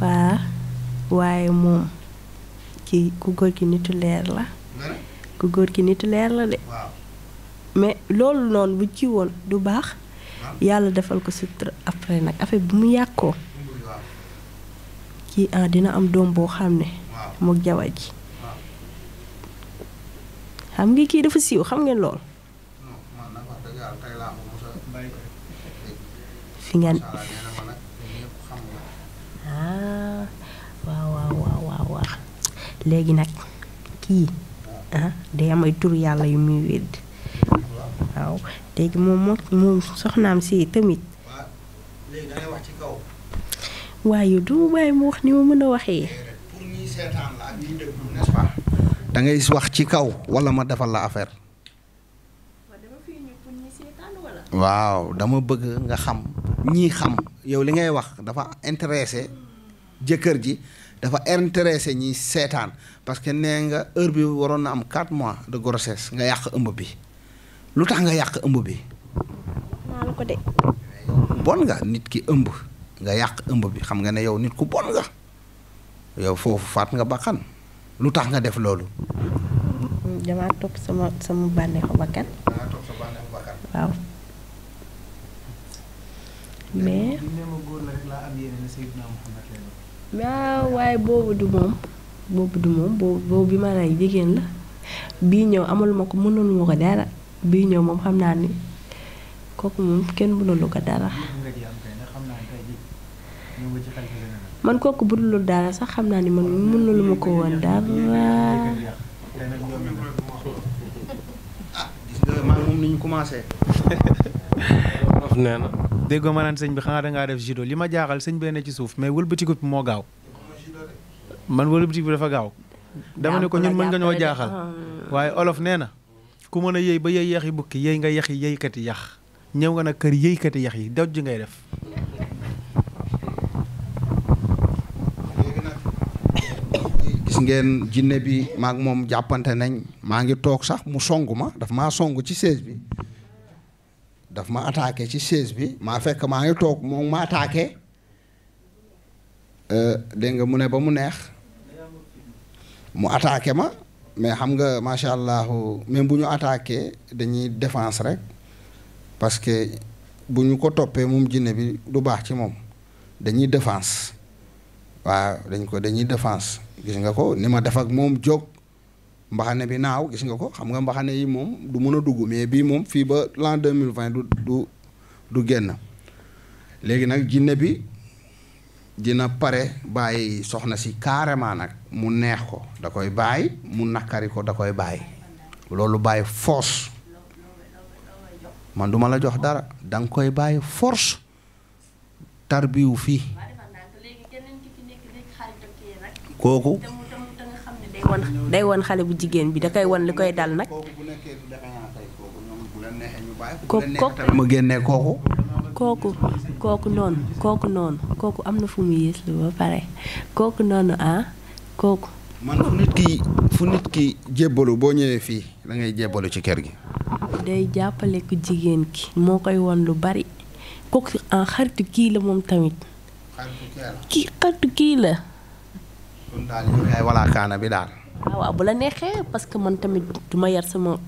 E: waa waaye moom ki ku góor ki nitu leer la ku góor gi nitu leer la de mais loolu noonu bu ci woon du baax yàlla defal ko sutura après nag affaire bu mu yàqoo kii ah dina am doom boo xam ne mook jabar ji xam nga kii dafa siiw xam ngeen lool fi ngeen Ah, waaw waaw waaw léegi nag kii ah day tur yàlla yu muy wedd waaw léegi moom moom soxnaam si tamit. waaye du ma bàyyi mu wax ni ma mën a waxee.
A: dangay wax ci kaw wala ma defal la affaire. waaw dama bëgg nga xam ñii xam yow li ngay wax dafa intéressé. jëkkër ji dafa intéressé ñi seetaan parce que nee nga heure bi waroon na am quatre mois de grossesse nga yàq ëmb bi lu tax nga yàq ëmb bi. maanaam ko de. nit ki ëmb yàq ëmb bi xam nga ne yow nit ku bon nga yow foofu faat nga bakkan lu tax nga def loolu.
E: damaa topp sama sama bànneexu bakkan. waaw waaye boobu du moom boobu du moom boobu bi ma rey jigéen la bii ñëw amaluma ko mënaluma ko dara bii ñëw moom xam naa ni kooku moom kenn mënalu ko dara. man kooku budulul dara sax xam naa ni man mënaluma ko woon dara.
A: moom ñu commencé.
C: wax nee na. déggoo ma naan sëñ bi xanaa da ngaa def judo li ma jaaxal sëñ bee ne ci suuf mais wëlbatiku bi moo gaaw man wëlbatiku bi dafa gaaw. dama ne ko ñun mën nga ñoo jaaxal. waaye olof nee na ku mën a yëy ba yëy yaxi bukki yëy nga yaxi yëykat yi yax ñëw
A: nga na kër yëykat yi yax yi doj ji ngay def. gis ngeen jinne bi maak moom jàppante nañ maa ngi toog sax mu song ma daf maa song ci chaise bi daf ma attaqué ci chaise bi maa fekk maa ngi toog moom ma attaqué euh, dégg nga mu ne ba mu neex mu attaqué ma mais xam nga macha allah même bu ñu attaqué dañuy défense rek parce que bu ñu ko toppee moom jinne bi du baax ci moom dañuy défense waaw dañ ko dañuy défense gis nga ko ni ma def ak moom jóg mbaxane bi naaw gis nga ko xam nga mbaxane yi moom du mën a dugg mais bii moom fii ba l'an deux mille vingt du du du génn léegi nag jinne bi dina pare bàyyi soxna si carrément nag mu neex ko da koy bàyyi mu nakari ko da koy bàyyi loolu bàyyi force man duma la jox dara danga koy bàyyi force tarbiwu fii kooku.
E: day won xale bu jigéen bi dakay won li koy dal nag. ko kooku mu génnee kooku. kooku noonu kooku noonu kooku am na fu mu yées lu ba pare kooku noonu ah kooku.
A: fu nit ki jébbalu boo ñëwee fii da ngay jébbalu ci kër gi.
E: day jàppale ku jigéen ki moo koy won lu bari kooku en xaritu kii la moom tamit. xaritu kii la.
A: kon daal yow bi daal.
E: waaw bu la neexee parce que man tamit du ma yar sama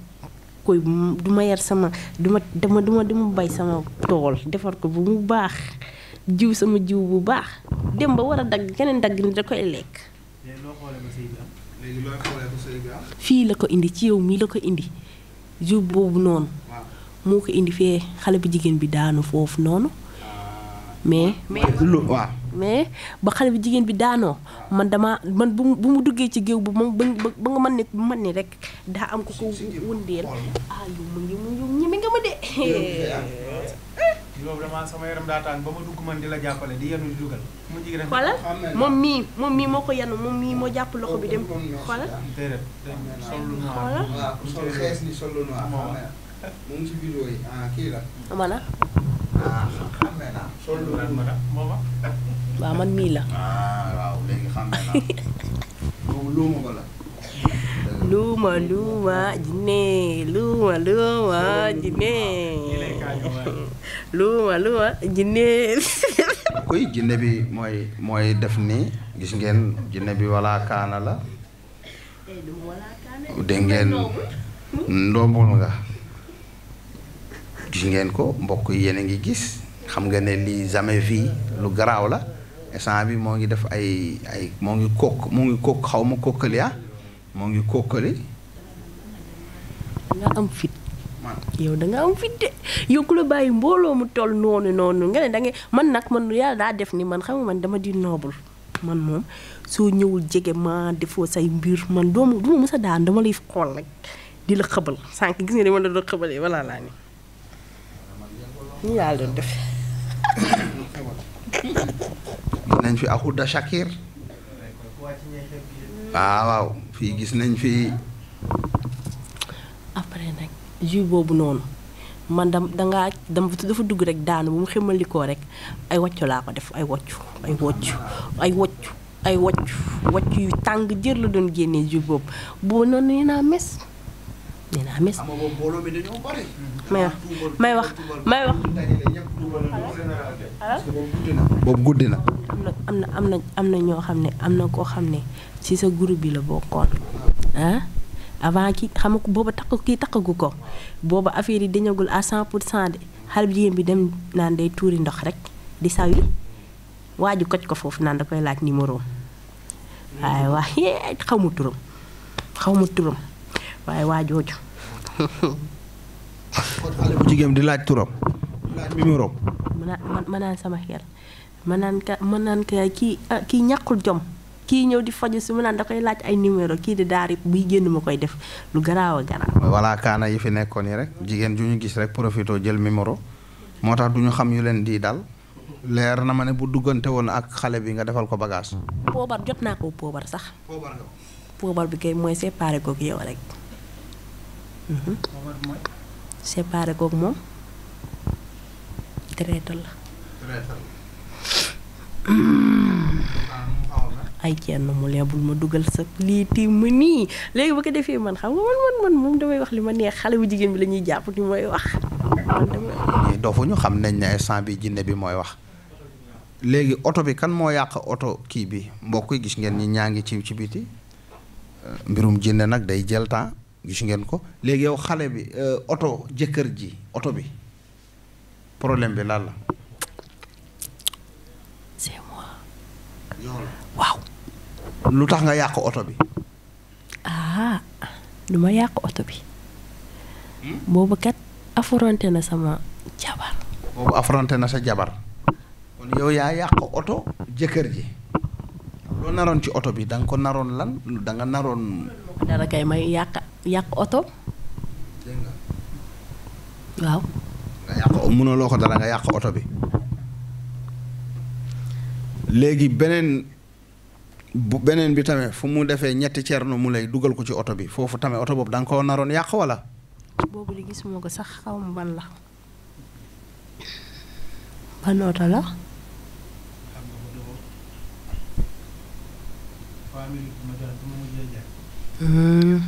E: koy du ma yar sama du ma dama bay sama tool defar ko bu mu baax jiw sama jiw bu baax dem ba war a dagg keneen dagg ni da koy lekk. fii la ko indi ci yow mii la ko indi jiw boobu noonu. moo ko indi fee xale bu jigéen bi daanu foofu noonu. mais ah. mais. lu waaw. mais ba xale bi jigéen bi daanoo man dama man bu bu mu duggee ci géew bu moom ba nga mën man mën ni rek daa am ko ko wëndeel ah
C: loolu sama yaram daa tàng man la jàppale di yenu
E: di moo ko yenu moo jàpp bi dem xoolal.
A: déedéet solu noir ngi ci ah
E: waaw man mii la. Ah, waaw léegi luuma luuma jinne luuma luuma jinne
A: luuma jinne bi mooy def nii gis ngeen jinne bi walla kaana la dégg ngeen nga gis ngeen ko mbokk yi ngi gis xam nga ne lii jamais fii lu garaaw la instant bi moo ngi def ay ay moo ngi kóok moo ngi kóok xaw ma kóokali ah moo ngi kóokali.
E: nga am fit. yow da am fit de yow ku la bàyyi mbooloo mu toll noonu noonu nga ne da man nag man yàlla daa def ni man xam man dama di noobul man moom soo ñëwul jege ma defoo say mbir man doomu du ma mës daan dama lay xool rek di la xëbal sànq gis nga ni ma la xëbalee wala laa ni ñu laa doon def.
A: nañ fi Ahuda Shakir waaw waaw fii gis nañ fi.
E: après nag jus boobu noonu man dam dangaa dam dafa dugg rek daanu bu mu ximmalikoo rek ay wàccu laa ko def ay wàccu ay wàccu ay wàccu ay yu tàng jër la doon génnee jus boobu boo noonu nee mes nee mes. may wax may wax may
A: wax. boobu guddi na.
E: am na am na am na ñoo xam ne am na koo xam ne ci sa groupe bi la bokkoon ah avant ki xam nga booba takku kii takkagu ko booba affaire yi dañagul à 100 pour cent de xale bi dem naan day tuuri ndox rek di saw yi waaju koj ko foofu naan da koy laaj numéro am waaye waaye xaw mu turam xaw ma turam
A: waaye waa jooju xale bu di laaj turam. laaj mi mu romb.
E: ma naan sama xel ma naan ka ma naan kii ah, kii ñàkkul jom kii ñëw di faju si mu naan da koy laaj ay numéro kii di daari buy génn ma koy def
A: lu garaaw a garaaw. voilà kaana yi fi nekkoon yi rek jigéen ju ñu gis rek profito jël numéro moo tax du ñu xam yu leen di dal. leer na ma ne bu duggante woon ak xale bi nga defal ko bagage.
E: poobar jot naa ko poobar sax. poobar bi kay mooy séparé koog yow rek. Mhm.
C: poobar
E: bi moom. traité la. Mm. ay kenn mu leebul ma dugal sa lii tiim ma nii léegi bu ko defee man xam nga man man moom damay wax li ma neex xale bu jigéen bi lañuy jàpp ñu mooy wax.
A: doofu ñu xam nañ ne instant bi jinne bi mooy wax léegi oto bi kan moo yàq oto kii bi mbokk yi gis ngeen ñi ñaa ngi ci ci biti euh, mbirum jinne nag day jël temps gis ngeen ko léegi yow xale bi euh, oto jëkkër ji oto bi. problème bi lan la. c'est waaw. lu tax nga yàq oto bi.
E: ah lu yàq oto bi. Hmm? boobu kat affronté na sama jabar.
A: boobu affronté na sa jabar. kon yow yaa yàq oto jëkkër ji. loo naroon ci oto bi da ko naroon lan da nga naroon.
E: dara kay may yàq yàq oto. waaw.
A: nga yàq mënuloo ko dara nga yàq oto bi léegi beneen bu beneen bi tamit fu mu defee ñetti cerno mu lay dugal ko ci oto bi foofu tamit oto boobu danga nga ko naroon yàq wala.
E: boobu li gisuma ko sax xaw ma ban la. ban oto la. Hmm.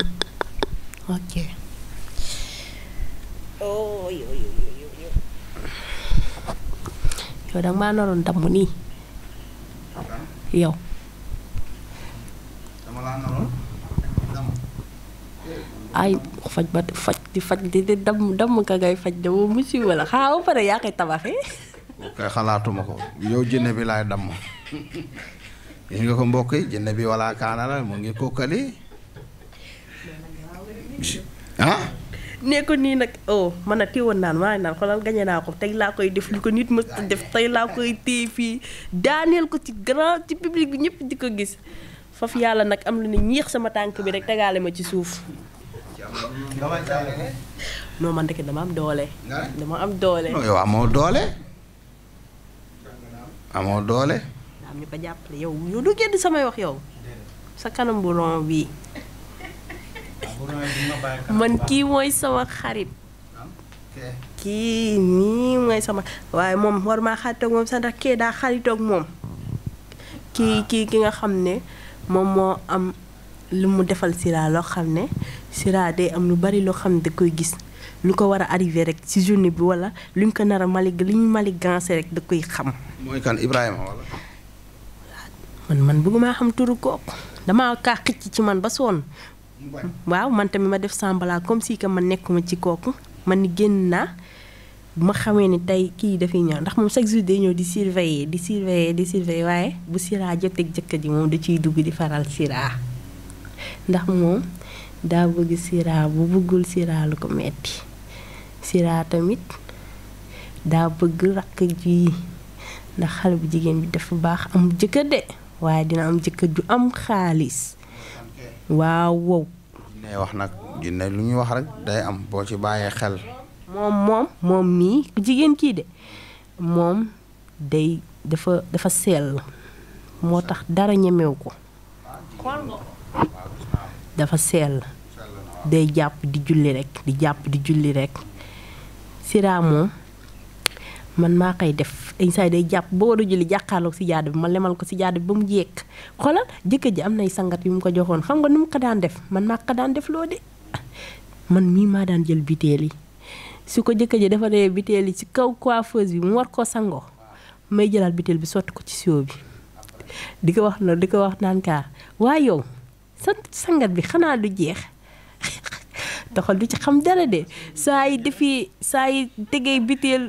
E: yow danga maa naroon damm nii yow. ay faj ba faj di faj di di damm damm ka ngay faj de boobu musiba la xaa ba pare yaa koy tabaxee.
A: kay xalaatuma ko yow jinne bi laay damm gis nga ko mbokk yi bi walla kaana mu ngi kokkali ah.
E: nee ko nii nag oh man a téewoon naan maa ngi naan xoolal gañe naa ko tey laa koy def lu ko nit mës def tey laa koy téye fii daaneel ko ci grand ci public bi ñëpp di ko gis faf yàlla nag am lu ne ñeex sama tànk bi rek tegaale ma ci suuf. non man de dama am doole. dama am doole. yow amoo doole. amoo doole. am ñu ko jàppale yow yow du génn samay wax yow. sa kanam bu ron bii. man kii mooy sama xarit kii nii mooy sama waaye moom war maa xaritoog moom sax ndax kii daa xaritoog moom kii kii ki nga xam ne moom moo am lu mu defal Sira loo xam ne Sira day am lu bari loo xam ne da koy gis lu ko war a arrivé rek ci journée bi wala luñ ko nar a malig li ñu rek da koy xam.
A: mooy kan Ibrahima
E: man man bëgguma xam turu kooku damaa kaa xicc ci man ba sonn waaw man tamit ma def semblant comme si que man nekkuma ci kooku man ni génn naa bu ma xamee ni tey kii dafay ñëw ndax moom chaque jour day di surveiller di bu siraa joteeg jëkkër ji moom da ciy dugg di faral siraa ndax moom daa bëgg siraa bu bëggul siraa lu ko metti siraa tamit daa bëgg rakk ji ndax xale bu jigéen bi dafa baax am jëkkër de waaye dina am jëkkër ju am xaalis waaw wow.
A: jinne wax nag jinne lu ñuy wax rek day am boo ci bàyyee xel.
E: moom moom moom mii ku jigéen kii de moom day dafa dafa sell moo tax dara ñemew ko dafa sell day jàpp di julli rekk di jàpp di julli rekk Sira moom. man maa koy def dañ saa day jàpp boo war a julli jàkkaarloog si jaada bi ma lemal ko si jaada bi ba mu jekk xoolal jëkkër ji am na sangat yu mu ko joxoon xam nga nu mu ko daan def man maa ko daan def loo de man mii maa daan jël biteel yi su ko jëkkër ji dafa dee biteel yi ci kaw coiffeuse bi mu war koo sangoo may jëlal biteel bi sotti ko ci siwo bi di ko wax loolu di ko wax naan kaa waa yow sa sangat bi xanaa du jeex doxal du ci xam dara de saa yi defi saa yi tegee biteel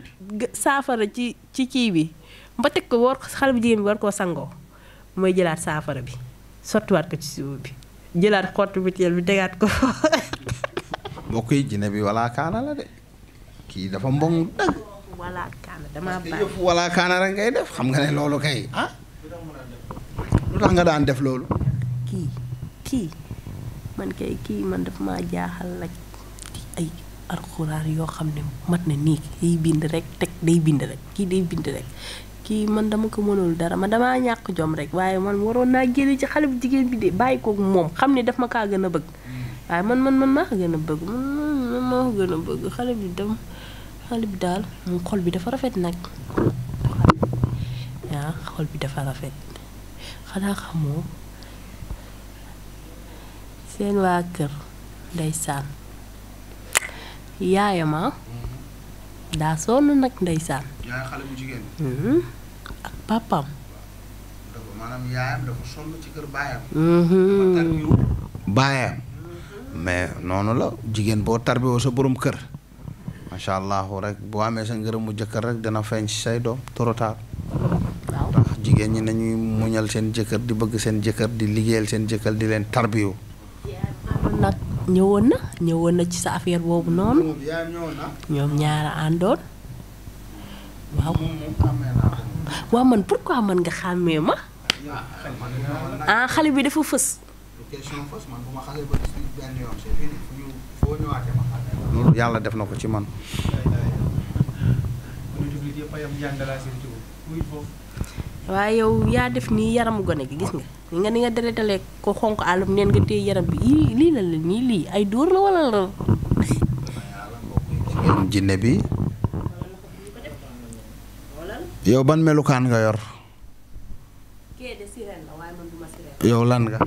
E: saafara ci ci kii bi mba teg ko war xale bu jigéen bi war koo sangoo mooy jëlaat saafara bi sottiwaat ko ci suuf bi jëlaat xottu biteel bi tegaat ko.
A: mbokk yi jinne bi wala kaana la de kii dafa mboŋ dëgg.
E: wala kaana damaa
A: baax ngay def xam nga ne loolu kay
E: ah? lu tax nga daan def loolu. kii. man kay kii man dafa ma jaaxal nag ci ay alxuraan yoo xam ne mat na nii day bind rek teg day bind rek kii day bind rek kii man dama ko mënul dara man damaa ñàkk jom rek waaye man waroon naa génne ci xale bu jigéen bi moom xam ne daf ma kaa gën a bëgg waaye man man man maa ko gën a bëgg man man maa ko gën a bëgg xale bi dem xale bi daal moom xol bi dafa rafet nag waaw xol bi dafa rafet xanaa xamoo seen waa kër ndeysaan yaayama mm-hmm. daa sonn nag ndeysaan
A: yaay xale mm-hmm. ak papam baayam mm-hmm. mais noonu la jigéen boo tarbiwoo sa borom kër macha allah rek boo amee sa ngërëm mu jëkkër rek dana feeñ ci say doom trop tard jigéen ñi nañuy muñal seen jëkkër di bëgg seen jëkkër di liggéeyal seen jëkkër di leen tarbiwu
E: ñëwoon na ñëwoon na ci sa affaire boobu noonu ñoom ñaara àndoon waaw waaw man pourquoi man nga xàmmee ma ah xale
A: bi dafa fës def na ko ci man
E: waaye yow yaa def nii yaramu gone gi gis nga ni nga ni ko xonq àllum neen nga téye yaram bi lii la la nii lii ay dóor la wala la
A: jinne bi yow ban melukaan nga yor yow lan nga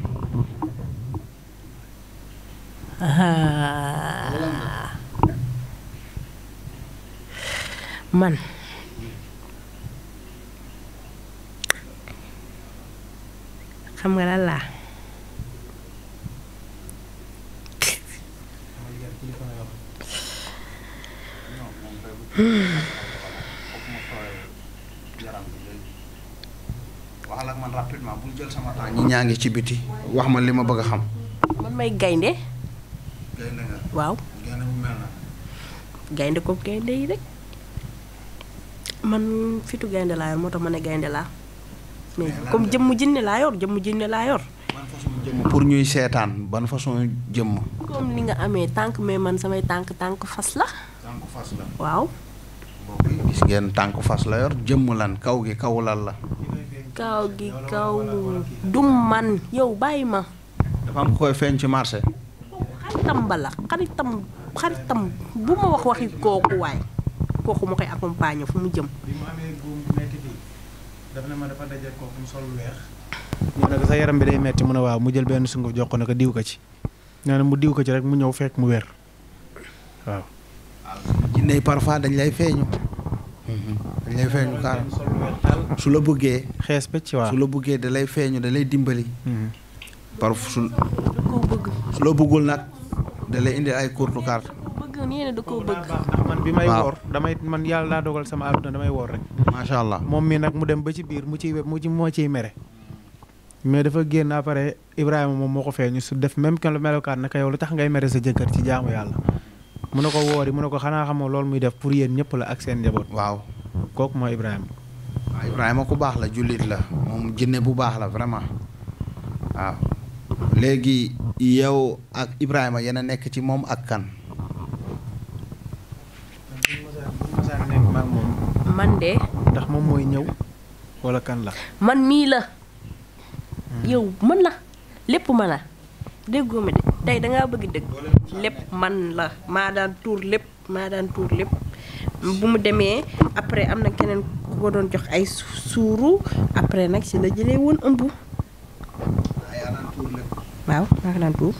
E: ah. man xam nga lan laa
A: ñi ñaa ngi ci biti wax ma li ma bëgg a xam. man may gaynde.
E: gaynde nga waaw. gaynde mu mel na. ko gaynde yi rek man fitu gaynde laa yor moo tax ma ne gaynde laa. comme jëmm jinne laa yor jëmm jinne laa yor.
A: pour ñuy seetaan ban façon jëmm.
E: comme ni nga amee tànk mais man samay tànk tànk fas la. tànk fas la waaw.
A: gis ngeen tànk fas la yor jëmm lan kaw gi kaw lan la.
E: kaw gi kaw dum man yow bàyyi ma.
A: dafa am koy feeñ ci marché.
E: xaritam bala xaritam bu ma wax waxi kooku waaye kooku ma koy accompagner fu mu jëm
C: dafa na ko sa yaram bi day metti mu ne waaw mu jël benn sunguf jox ko ne ko diw ko ci nee na mu diw ko ci rek mu ñëw fekk
A: mu wér waaw. waaw jinne dañ lay feeñu. dañ lay feeñu kaar su la bëggee. xees ba ci waaw su la bëggee da lay feeñu dalay lay dimbali. Mm-hmm. par su la bëggul nag da
C: indi ay courte carte. que nee na da man bi may woor damay man yàlla daa dogal sama àdduna damay woor rek. macha allah moom mii nag mu dem ba ci biir mu ciy mu ci moo ciy mere. mais dafa génn pare Ibrahima moom moo ko feeñu su def même que melokaan naka yow lu tax ngay mere sa jëkkër ci jaamu yàlla. mu ne ko woori mu ne ko xanaa xamoo loolu muy def pour yéen ñëpp la ak seen njaboot. waaw
A: kooku mooy Ibrahima. waaw Ibrahima ku baax la jullit la moom jinne bu baax la vraiment waaw. léegi yow ak Ibrahima yéen a nekk ci moom ak kan.
C: masaan nekk moom. man de. ndax moom mooy ñëw wala kan la.
E: man mii la. Hmm. yow man la lépp ma la déggoo ma de tey dangaa bëgg dëgg lépp man la maa daan tuur lépp maa daan tuur lépp bu mu demee après am na keneen ku ko doon jox ay suuru après nag si la jëlee woon ëmb. waaw maa ko daan tuur.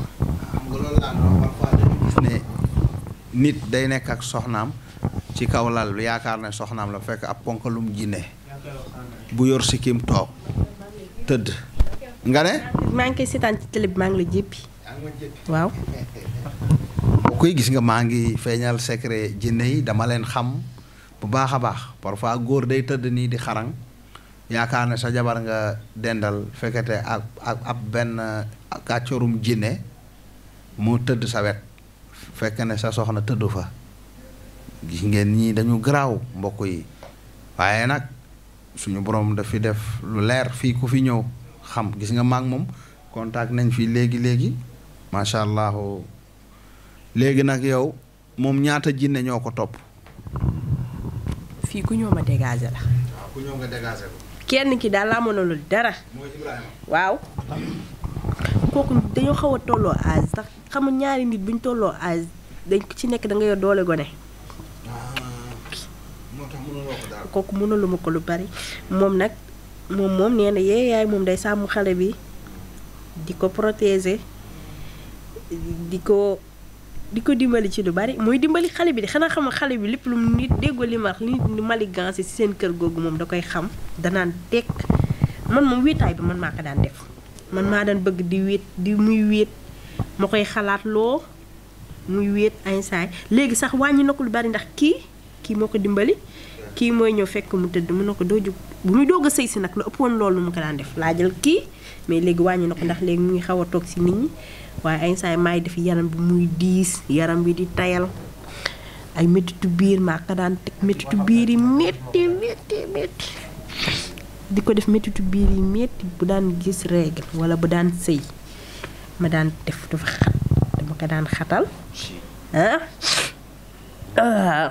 A: nit day nekk ak soxnaam. ci kaw lal yaakaar ne soxnaam la fekk ab ponkalum jinne bu yor sikkim toog tëdd nga ne
E: maa ngi koy seetaan ci télé bi maa ngi la jéppi waaw
A: koy gis nga maa ngi feeñal secret jinne yi dama leen xam bu baax a baax parfois góor day tëdd nii di xaran yaakaar ne sa jabar nga dendal fekkete ak ab benn kàccorum jinne moo tëdd sa wet fekk ne sa soxna tëddu fa gis ngeen ñii dañu garaaw mbokk yi waaye nag suñu boroom daf fi def lu leer fii ku fi ñëw xam gis nga maag moom contact nañ fii léegi léegi macha allah léegi nag yow moom ñaata jinne ñoo ko topp.
D: fii ku
E: ñëw ma dégagé la.
A: ñëw nga dégagé
E: kenn ki daal laa mënalul dara. mooy Ibrahima. waaw. kooku dañu xaw a tolloo âge sax xam ñaari nit buñ tolloo âge dañ ci nekk da doole gone. kooku mënaluma ko lu bari moom nag moom moom nee na yee yaay moom day sàmm xale bi di ko protéger di ko di ko dimbali ci lu bari mooy dimbali xale bi de xanaa xam xale bi lépp lu mu nit déggoo li ma li maligance ci seen kër googu moom da koy xam danaan tekk man moom wéetaay bi man maa ko daan def man maa daan bëgg di wéet di muy wéet ma koy xalaat loo muy wéet ay léegi sax wàññi na ko lu bari ndax kii kii moo ko dimbali kii mooy ñëw fekk mu tëdd mu ne ko doo jóg bu muy doog a sëy si nag lu ëpp woon loolu mu ko daan def laa jël kii mais léegi wàññi na ko ndax léegi mu ngi xaw a toog si waaye ay saa maay def yaram bi muy diis yaram bi di tayal ay méttitu biir maa ko daan teg méttitu biir yi métti métti métti di ko def méttitu biir yi métti bu daan gis règle wala bu daan sëy ma daan def dafa xat dama ko daan xatal ah, ah.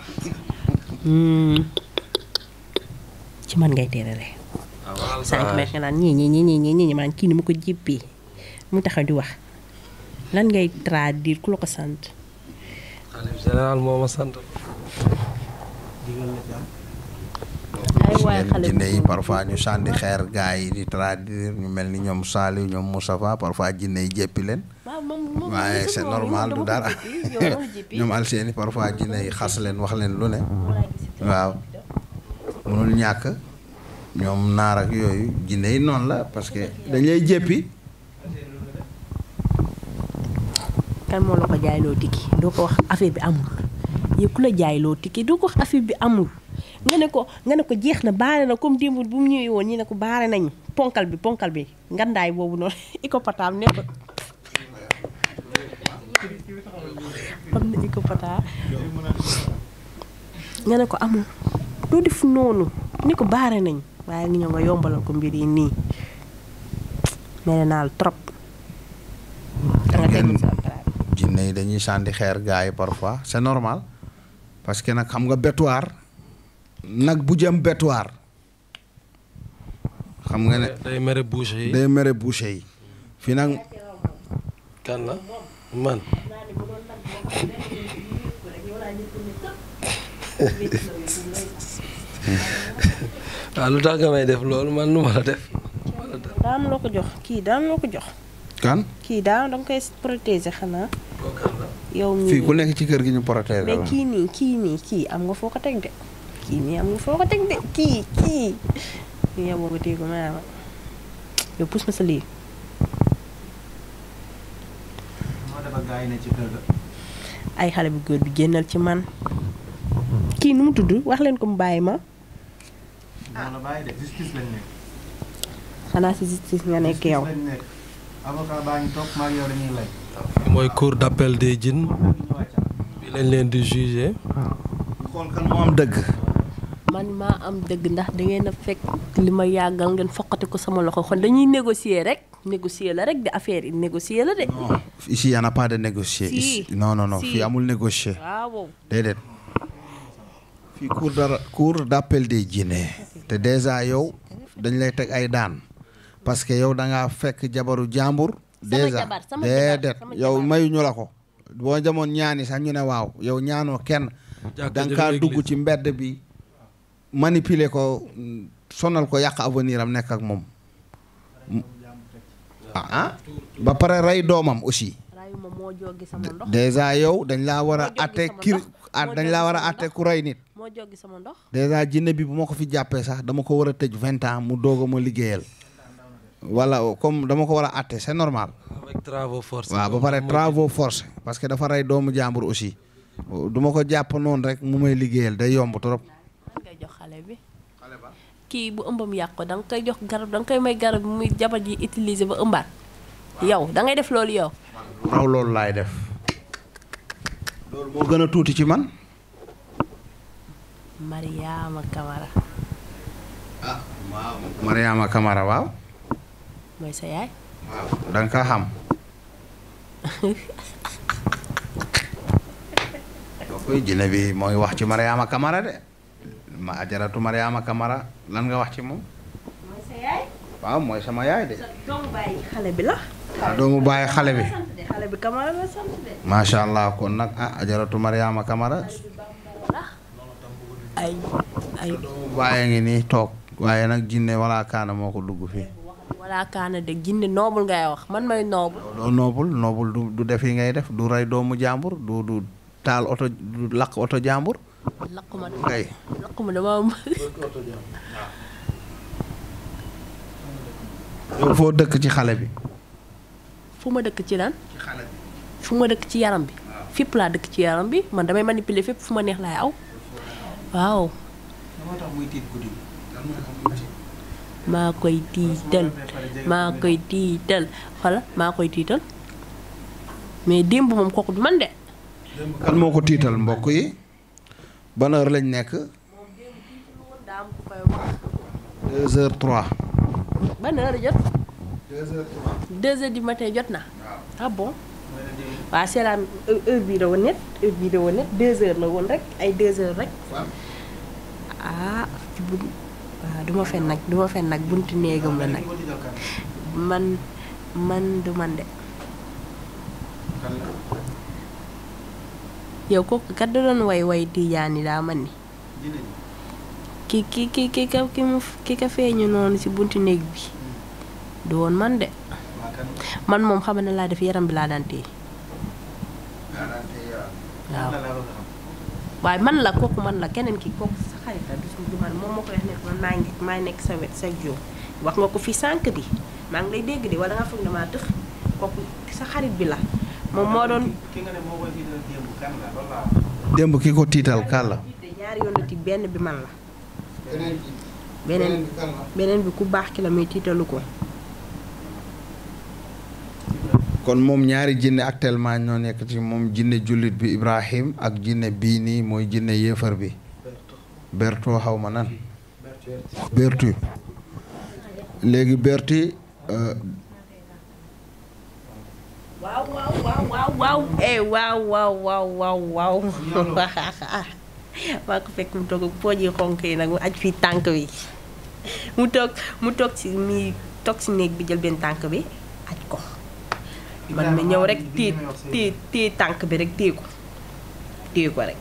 B: Hmm.
E: ci man ngay teerale. Ah, waaw sànq nga naan ñii ñii ñii ñii ñii man kii ni mu ko jéppee mu taxaw di wax lan ngay traduire ku la ko sant.
B: xalif
A: suñu jinne yi parfois ñu sànni xeer gars yi di traduire ñu mel ni ñoom Saliou ñoom Moustapha parfois jinne yi jéppi leen
D: waaye c'est normal
A: du dara ñoom alseeni parfois jinne yi xas leen wax leen lu ne waaw mënul ñàkk ñoom naar ak yooyu jinne yi noonu la parce que dañ jéppi
E: kan moo la ko jaayloo tikki doo ko wax affaire bi amul yow la jaayloo tikki doo ko wax affaire bi amul nga ne ko nga ne ko jeex na baare na comme démb bu mu ñëwee woon ñu ne ko baare nañ ponkal bi ponkal bi ngandaay boobu noonu ko am na icopata nga ne ko amul doo ni ko baare nañ waaye ngi ñëw nga yombalal ko mbir yi nii mel naal trop
A: danga tegul jinne yi dañuy sànni xeer gars yi parfois c'est normal parce que nag xam nga bétuwaar nag bu jëm bétuwaar
B: xam nga ne day mere boucher yi
A: day fii nag. kan la man.
B: waaw ah, lu tax nga may def loolu man lu ma def.
E: daam loo ko jox kii daam loo ko jox. kan kii daam da nga koy xanaa. yow mii fii ku
A: nekk ci kër gi ñu protéger la kii
E: nii kii nii kii am nga foo ko teg de. kii nii amul foo ko teg de kii kii nii yow boo téye ko ma naa ma yow pousse ma sa lii. ay xale bu góor bi génnal ci man. kii nu mu tudd wax leen ko mu bàyyi ma. xanaa si justice nga nekk yow.
B: mooy cour d'appel des jën bi lañ leen di juger. moo am dëgg.
E: man maa am dëgg ndax dangeen a fekk li ma yàggal ngeen foqati ko sama loxo kon dañuy négocier rek négocier la rek de affaire yi négocier la de. non
A: ici no en a pas amul négocier. waaw déedéet. fii cour dara cour d'appel de Guinée te déjà yow dañ lay teg ay daan parce que yow da ngaa fekk jabaru jàmbur. déjà déedéet yow mayuñu la ko. boo jamoon ñaani sax ñu ne waaw yow ñaano kenn. da nga dugg ci mbedd bi. manipuler ko sonal ko yàq avenir am nekk ak moom ah, ah. ba pare rey doomam aussi
E: déjà yow
A: dañ laa war a atte kir ah, dañ laa war a atte ku rey nit déjà jinne bi bu ma ko fi jàppee sax dama ko war a tëj vingt ans mu doog a ma liggéeyal voilà comme dama ko war a atte c'est normal
B: waaw ba pare travaux
A: force parce que dafa rey doomu jàmbur aussi du ma ko jàpp noonu rek mu may liggéeyal day yomb trop
E: xale bi. kii bu ëmbam yàq da nga koy jox garab danga koy may garab muy jabar ji utilise ba ëmbaat. yow da def loolu yow.
A: raw loolu laay def. loolu moo gën a tuuti ci man.
E: Mariama Kamara. ah Kamara waaw. mooy sa yaay.
A: waaw kaa xam. kooku jinne bi mooy wax ci Mariama Kamara de. ma ajaratu Mariama Kamara lan nga wax ci moom. mooy sa yaay. waaw de.
E: doomu baay xale bi la.
A: allah kon nag ah ajaratu Mariama Kamara.
E: ay ay. doomu baay
A: ngi nii toog waaye nag jinne wala kaana moo ko dugg fii.
E: wala kaana de jinne noobul ngay wax man may noobul. doo
A: noobul noobul du du ngay def du rey doomu jàmbur du du taal oto du lakk oto jàmbur. laquma
E: ma laquma dama
A: yow foo dëkk ci xale bi.
E: fu ma dëkk ci lan. fu ma dëkk ci yaram bi. fépp laa dëkk ci yaram bi man damay manipuler fépp fu ma neex laay aw. waaw. maa koy tiital maa koy tiital xala maa koy tiital mais démb moom kooku du man de.
A: kan moo ko tiital mbokk yi. ban lañ nekk. deux heures trois.
E: ban heure jot. deux heures trois. matin jot na. ah bon. waaw c'est la euh, bii la woon net bii la woon deux heures la woon rek ay deux heures rek. ah waaw du ma fen nag du ma nag buntu néegam la nag man man du man de. yow kooku kat da doon way way yi daa man ni ki ki ki ki ka ki mu ki ka feeñu noonu ci buntu néeg bi du woon man de man moom xam na laa def yaram bi laa daan téye waaye man la kooku man la keneen ki kooku sa xarit la du si du man moom moo koy wax ne man ngi maa nekk sa wet sa jour wax nga ko fi sànq bi maa ngi lay dégg de wala nga foog ne maa tëx kooku sa xarit bi la moom moo doon.
A: démb ki ko tiital kan la.
E: ñaari yoon la tiit benn bi man la. beneen bi ku baax ki la muy tiitalu ko.
A: kon moom ñaari jinne actuellement ñoo nekk ci moom jinne jullit bi Ibrahim ak jinne bii mooy jinne yéefar bi. Berto xaw ma nan. Bertu léegi Berti. Euh,
E: waaw waaw waaw waaw waaw. eh waaw waaw waaw waaw waaw. maa ko fekk mu toog pooj yi xonk yi nag mu aj fii tànk bi mu toog mu toog si mi toog si néeg bi jël benn tànk bi aj ko. man ma ñëw rek téye téye téye tànk bi rek téye ko téye ko rek.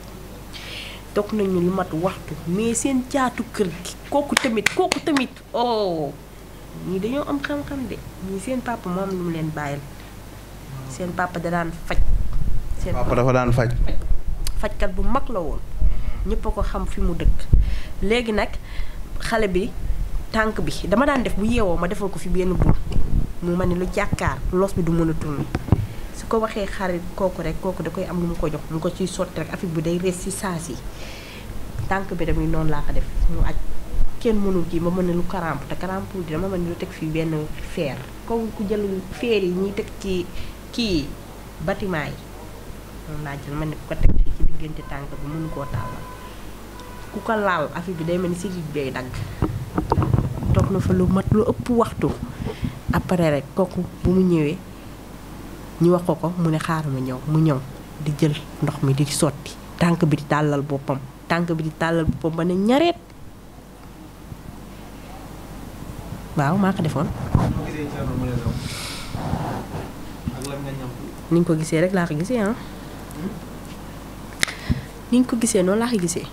E: toog nañu lu mat waxtu mais seen jaatu kër gi kooku tamit kooku tamit oh ñii dañoo am xam-xam de ñii seen papa moom lu mu leen bàyyil. seen papa da daan faj. seen papa dafa daan faj. fajkat bu mag la woon. ñëpp a ko xam fi mu dëkk. léegi nag xale bi tànk bi dama daan def bu yeewoo ma defal ko fi benn bul mu ma ne lu jàkkaar loos bi du mën a tourner su ko waxee xarit kooku rek kooku da koy am lu mu ko jox mu ko ci sotti rek affaire bi day rees ci saa si tànk bi mu noonu laa ko def mu aj kenn mënul kii ma mën ne lu karamp te karamp dama mën ne lu teg fii benn feer comme jël feer yi ñuy ci kii bâtiment yi moom laa jël ma ne ko teg ci diggante tànk bi mënu koo tàllal ku ko laal affaire bi day mel ni sirij bay dagg toog na fa lu mat lu ëpp waxtu après rek kooku bu mu ñëwee ñu wax ko ko mu ne xaar mu ñëw mu ñëw di jël ndox mi di sotti tànk bi di tàllal boppam tànk bi di tàllal boppam ba ne ñareet waaw maa ko defoon ni ko gisee rek laa ko gisee ah. ko gisee noonu laa ko gisee.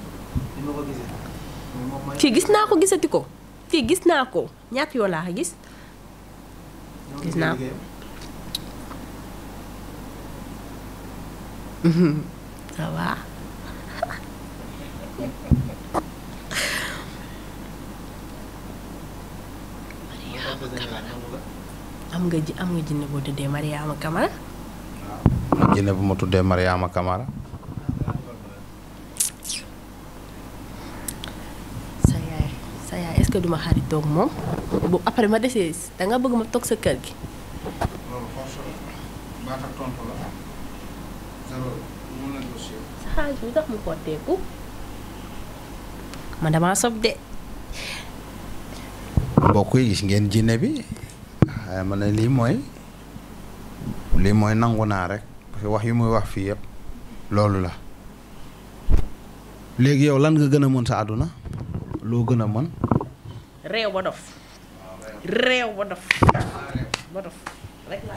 E: kii gis naa ko gisati ko kii gis naa ko ñaata yoon laa ko gis.
D: gis naa ko. waaw.
E: Mhm. am nga ji am nga jinne boo dëddee Mariama Kamara
A: jinne bu ma tuddee Mariama Kamara
E: sa yaay sa yaay est duma xaritoog moom bu après ma desee danga bëgg ma toog sa kër gi sa xaalis bi tax mu xotteeku
A: ma damaa sob de mbokk yi gis ngeen jinne bi waaye ah, ma ne lii mooy lii mooy nangu naa rek parce que wax yi muy wax fii yëpp loolu la. léegi yow lan nga gën a mën sa àdduna loo gën a mën.
E: réew ba dof. réew ba dof.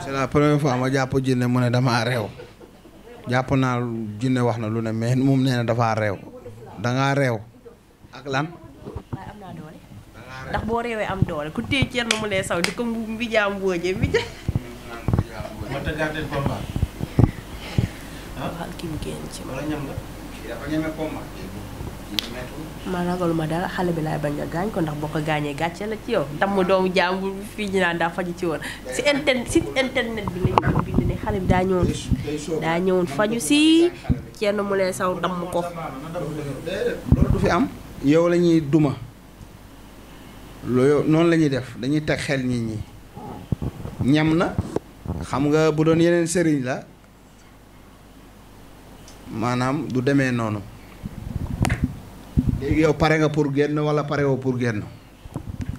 A: c'est la première fois ma jàpp jinne mu ne damaa réew jàpp naa jinne wax na lu ne mais moom nee na dafaa réew dangaa réew ak lan.
E: ndax boo réewee am doole ku téye Thierno Moule Sow di ko mbi jaam booje mbi
A: ma tëggaat ah? ma.
E: wala ragaluma dara xale bi laay bañ a gaañ ko ndax boo ko gaañee gàcce la ci yow damm doomu jàmbur fii ñu naan daa faju ci woon si internet si internet bi lañ doon bind ne xale bi daa ñëwoon daa ñëwoon faju si kenn mu lay saw damm ko loolu
A: du fi am yow lañuy ñuy duma loolu noonu la def dañuy teg xel nit ñi ñam na xam nga bu doon yeneen sëriñ la maanaam du demee noonu léegi yow pare nga pour génn wala pare woo pour génn.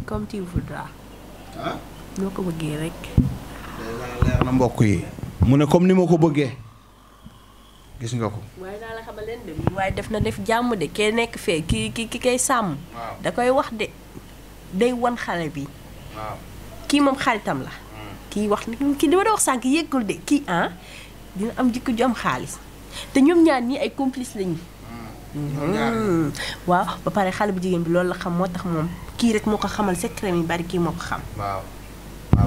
E: comme tu voudras. ah.
A: mbokk yi. mu ne comme ni ma ko bëggee gis nga ko.
E: waaye naa la xamal leen de waaye def na def jàmm de kee nekk fee ki ki ki kay sàmm. da koy wax de day wan xale bi. waaw kii moom xaritam la. kii wax ni kii dama doon wax sànq yëggul de kii ah dina am jikko ju am xaalis te ñoom ñaar ñii ay complice lañu. Hmm. waaw ba pare xale bu jigéen bi loolu la xam moo tax moom kii rek moo ko xamal secret yi bari kii moo ko xam.
A: waaw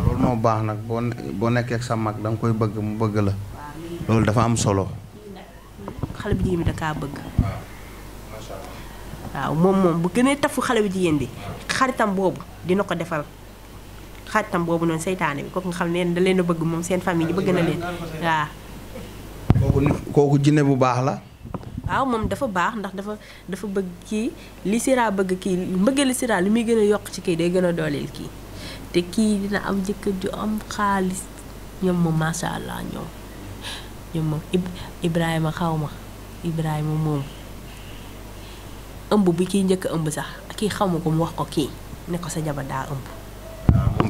A: loolu moo baax nag boo boo nekkee sa mag danga koy bëgg mu bëgg la. loolu dafa am solo.
E: xale bu jigéen bi da kaa bëgg. waaw moom moom bu gënee tafu xale bu jigéen bi xaritam boobu dina ko defal. xaritam boobu noonu seytaane bi kooku nga xam ne da leen a bëgg moom seen famille yi bëgg na leen
D: waaw.
A: kooku kooku jinne bu baax la.
E: waaw moom dafa baax ndax dafa dafa bëgg kii li Sira bëgg kii mbëggeelu Sira li muy gën a yokk ci kii day gën a dooleel kii te kii dina am jëkkër ju am xaalis ñoom moom macha allah ñoom ñoom moom Ibrahima xaw ma Ibrahima moom ëmb bi kii njëkk ëmb sax kii xamu ko mu wax ko kii ne ko sa jabar daa ëmb.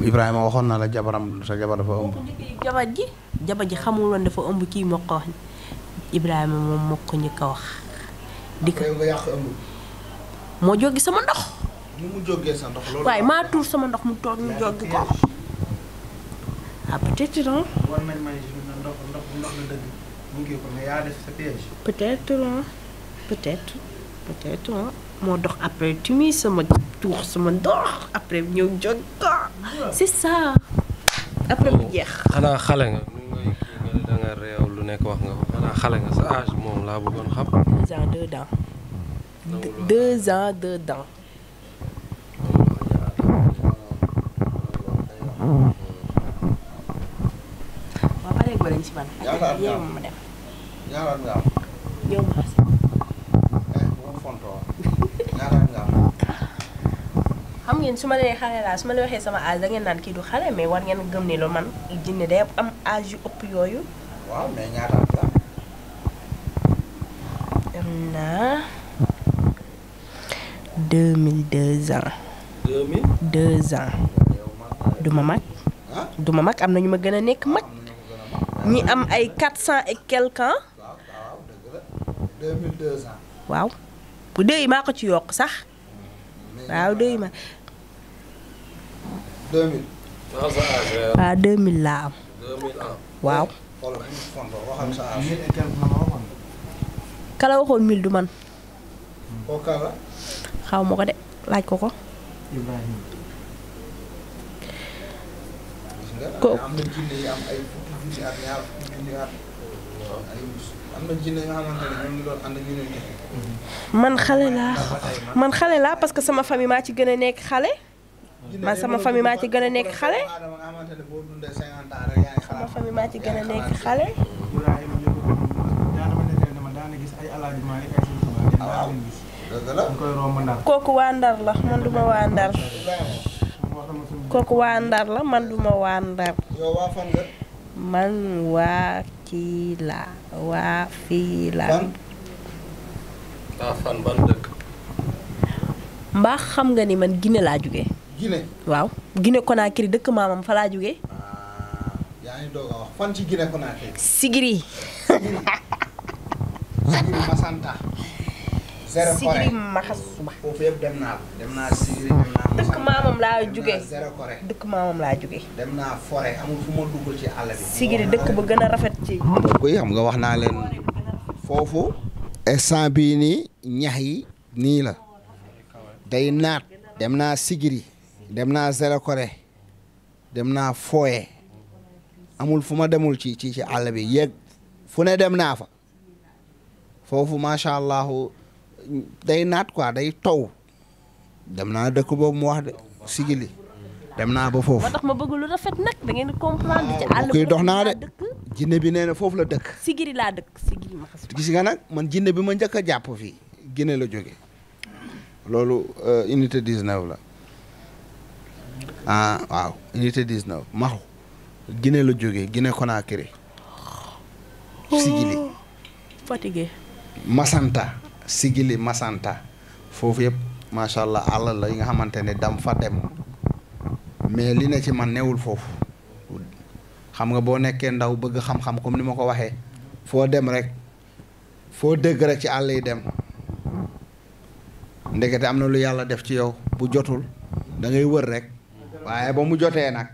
A: Ibrahima waxoon na la jabaram sa jabar dafa ëmb.
E: jabar ji jabar ji xamul dafa ëmb kii moo ko wax Ibrahima moom moo ko ñu wax. di ko moo jóggi sama ndox.
A: sa ndox loolu. waaye maa tuur sama ndox mu toog mu jóggi ko.
E: ah peut-être moo dox après timi sama tuux sama dox
B: après ñëw jog
E: c'est ça après mu jeex.
B: Oh, xanaa xale nga nu ngay kii lu nekk wax nga ko xanaa xale nga sa âge moom laa bëggoon xam. deux
E: ans deux dents. deux ans deux dents. waaw ngeen su ma nee xale su ma la waxee sama âge da ngeen naan kii du xale mais war ngeen gëm ne loolu man jinne day am âge yu ëpp yooyu. waaw mais ñaata at la. am na deux mille deux ans. du ma mag. du ma mag am na ñu ma gën a nekk mag. ñi am ay quatre cent et quelque ans. waaw
A: deux mille deux ans. 2000. waaw 2000 laa am. 2000 am waaw.
E: man. xale laa man xale laa parce que sama famille maa ci gën a nekk xale. man sama famille maa ci gën a nekk xale. kooku waa Ndar la man duma waa Ndar. kooku waa Ndar la man duma waa Ndar. man waa kii laa waa fii laa. mbaa xam nga ni man Guinée laa jóge
B: Guinée.
A: waaw
E: Guinée Conakry dëkk maamam fa laa jógee. Ah,
A: yaa ngi doog a wax naa dem dëkk
E: maamam laa jógee dëkk maamam laa jógee. dem naa
A: forêt amul fu ma dugg ci àll bi. Sigiri dëkk ba gën a rafet ci. oui xam nga wax naa leen foofu. instant bii nii ñax yi nii la. day naat dem naa Sigiri. dem naa Zéro Corée dem naa Foye amul fu ma demul ci ci ci àll bi yéeg fu dem naa fa foofu macha allah day naat quoi day tow dem naa dëkk boobu mu wax de sigili dem naa ba foofu.
E: ma bëgg lu rafet nag dox naa
A: de jinne bi nee na foofu la dëkk.
E: sigili laa dëkk
A: sigili nga nag man jinne bi ma njëkk a jàpp fii Guinée la jóge loolu euh, unité 19 la. ah waaw unité 19 maxu Guinée la jógee Guinée Conakry. Sigili. Oh, fatigué. Masanta Sigili Masanta foofu yëpp macha allah àll la yi nga xamante ne dam fa dem mais li ne ci man newul foofu xam nga boo nekkee ndaw bëgg xam-xam comme ni ma ko waxee foo dem rek foo dégg rek ci àll yi dem ndekete am na lu yàlla def ci yow bu jotul da wër rek. waaye ba mu jotee nag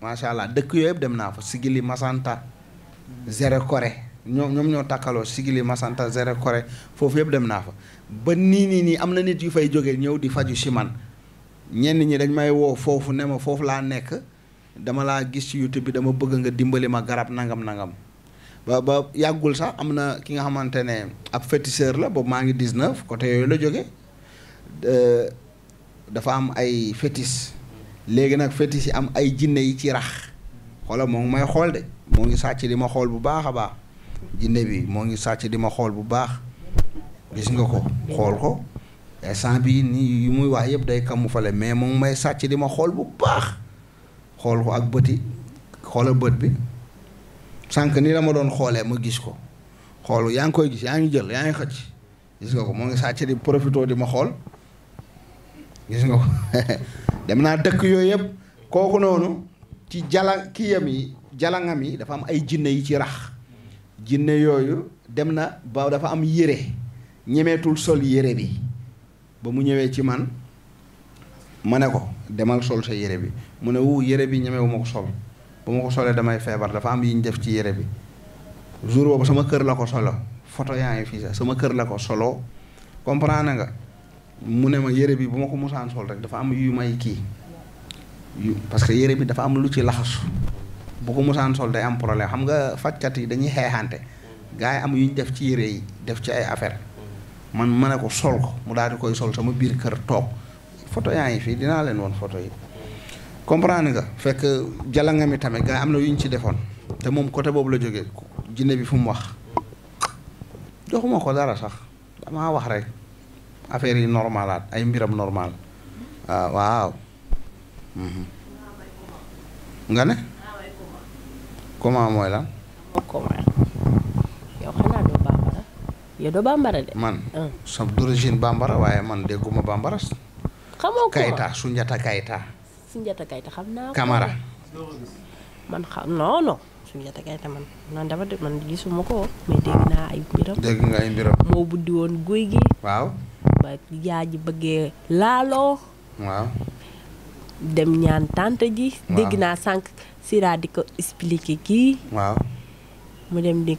A: macha allah dëkk yooyu yëpp dem naa fa Sigili Masanta Zere Kore ñoom ñoom ñoo takkaloo Sigili Masanta Zere Kore foofu yëpp dem naa fa ba nii nii nii am na nit yu fay jóge ñëw di faju si man ñenn ñi dañ may woo foofu ne ma foofu laa nekk dama laa gis ci YouTube bi dama bëgg nga dimbali ma garab nangam nangam ba ba yàggul sax am na ki nga xamante ne ab féticheur la boobu maa ngi 19 côté yooyu la jóge dafa am ay fetis léegi nag fétiche yi am ay jinne yi ci rax xoola moo may xool de moo ngi sàcc di ma xool bu baax a baax jinne bi moo ngi sàcc di ma xool bu baax gis nga ko xool ko instant bi nii yu muy wax yëpp day camoufler mais moom may sàcc di ma xool bu baax xool ko ak bëti xoola bët bi sanq ni la ma doon xoolee ma gis ko xool yaa ngi koy gis yaa ngi jël yaa ngi xëcc gis nga ko moo ngi sàcc di profité di ma xool gis nga ko dem naa dëkk yooyu yëpp kooku noonu ci jala kiyam yi jalangam yi dafa am ay jinne yi ci rax jinne yooyu dem na ba dafa am yére ñemeetul sol yére bi ba mu ñëwee ci man ma ne ko demal sol sa yére bi mu ne wu yére bi ñemewu ma ko sol bu ma ko solee damay feebar dafa am yi def ci yére bi jour boobu sama kër la ko solo photo yaa ngi fii sax sama kër la ko solo comprendre nga mu ne ma yére bi bu ma ko musaan sol rek dafa am yu may kii yu parce que yére bi dafa am lu ci laxasu bu ko musaan sol day am problème xam nga fajkat yi dañuy xeexante gars yi am yu ñu def ci yére yi def ci ay affaire man ma ne ko sol mu daal di koy sol sama biir kër toog photo yaa ngi fii dinaa leen woon photo yi comprendre nga fekk jala nga mi tamit am na yu ñu ci defoon te moom côté boobu la jógee jinne bi fu mu wax joxuma ko dara sax damaa wax rek affaire yi normalaat ay mbiram normal ah, waaw. Mhm. nga ne. comment mooy lan. comment doo bambara de. man ah. sa d'origine bambara waaye man dégguma bambara.
E: xamoo Kayta
A: Sunjata Kayta.
E: xam naa Kamara. man xam Kayta man man dafa man gisuma ko mais dégg naa ay mbiram. dégg nga ay mbiram. moo buddi woon guy gi. waaw. ba yaa ji bëggee laaloo. dem ñaan tante ji. waaw dégg naa sànq Sira di expliqué kii. mu dem di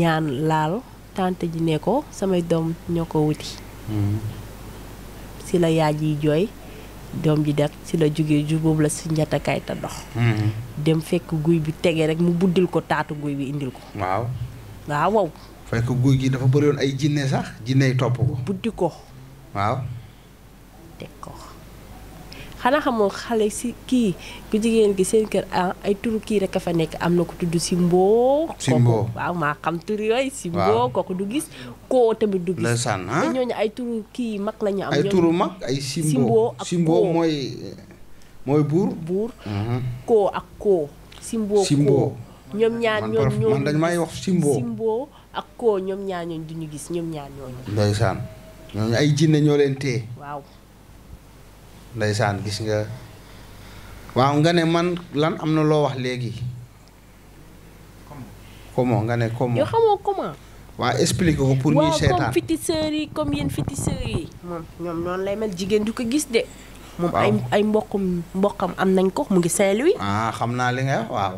E: ñaan laal tànt ji ne ko samay doom ñoo ko wuti. ci hmm. la yaay jiy jooy doom ji def ci la jógee jur boobu la si njata kay dox. Hmm. dem fekk guy bi tege rek mu buddil ko taatu guy bi indil ko. waaw waaw.
A: fekk guy gi dafa bëri ay jinne sax jinne yi topp ko. buddi ko. waaw.
E: xanaa xamoo xale si kii ku jigéen gi seen kër ah ay turu kii rek a fa nekk am na ko tudd simboo Simbo kooku waaw maa xam tur yooyu. Simbo kooku du gis koo tamit du gis. ndeysaan ah ñooñu ay turu kii mag la am. ay turu mag mooy
A: mooy buur. buur mhm.
E: koo ak koo. Simbo koo ñoom ñaar ñoom ñoo man dañ may wax Simbo ak ko ñoom ñaañooñ duñu gis ñoom ñaañooñu
A: ndeysaan ñooñu ay jinne ñoo leen téye waaw ndeysaan gis nga waaw nga ne man lan am na loo wax léegi comment nga ne comment yow
E: xamoo comment
A: waaw explique ko pour ñuy seetaan comme
E: féticheurs yi comme yéen féticheurs yi moom ñoom noonu lay mel jigéen du ko gis de moom ay ay mboqum mboqam am nañ ko mu ngi saint
A: ah, xam naa li nga waaw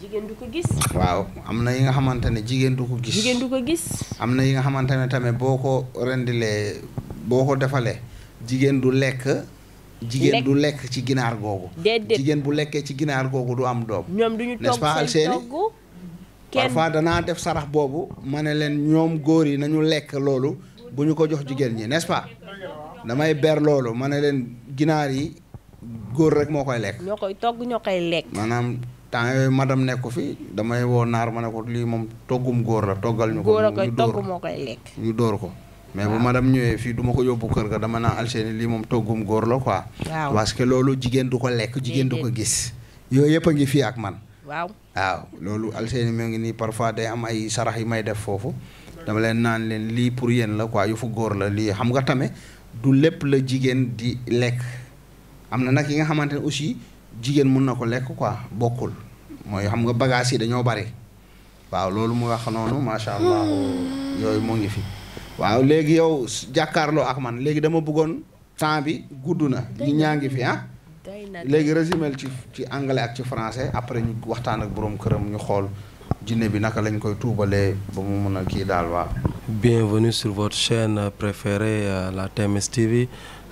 E: jigéen du ko gis. waaw
A: am na yi nga xamante ne jigéen du ko gis. jigéen du ko gis. am na yi nga xamante ne tamit boo ko rendilee boo ko defalee jigéen du lekk. jigéen du lekk ci ginaar googu.
E: déedéet jigéen
A: bu lekkee ci ginaar googu du am doom. ñoom duñu ñu togg seen togg danaa def sarax boobu ma ne leen ñoom góor yi nañu lekk loolu bu ñu ko jox jigéen ñi n'est-ce pas ber loolu ma ne leen ginaar yi góor moo koy lekk.
E: ñoo koy lekk.
A: maanaam temps yooyu madame nekku fi damay woo naar ma ne ko lii moom toggum góor la toggal ñu ko. góor a koy ñu dóor ko. mais bu madame ñëwee fii duma ko yóbbu kër ga dama naa alseeni lii moom toggum góor la parce que loolu jigéen du ko lekk jigéen du ko gis. yooyu yëpp a ngi fii ak man. waaw waaw loolu alseeni mi ngi nii parfois day am ay sarax yi may def foofu. dama leen naan leen lii pour yéen la quoi yu fu góor la lii xam nga tamit du lépp la jigéen di lekk am na nag yi nga xamante ne aussi. jigéen mun na ko lekk quoi bokkul mooy xam nga bagage yi dañoo bari waaw loolu mu wax noonu macha allah
D: hmm.
A: yooyu moo ngi fi waaw léegi yow jàkkaarloo ak man léegi dama buggoon temps bi gudd na ñi ñaa ngi fi ah léegi résumé ci ci anglais ak ci français après ñu waxtaan ak borom këram ñu xool jinne bi naka lañ koy tuubalee ba mu mun a kii daal waaw.
B: bienvenue sur votre chaîne préférée euh, la TMS TV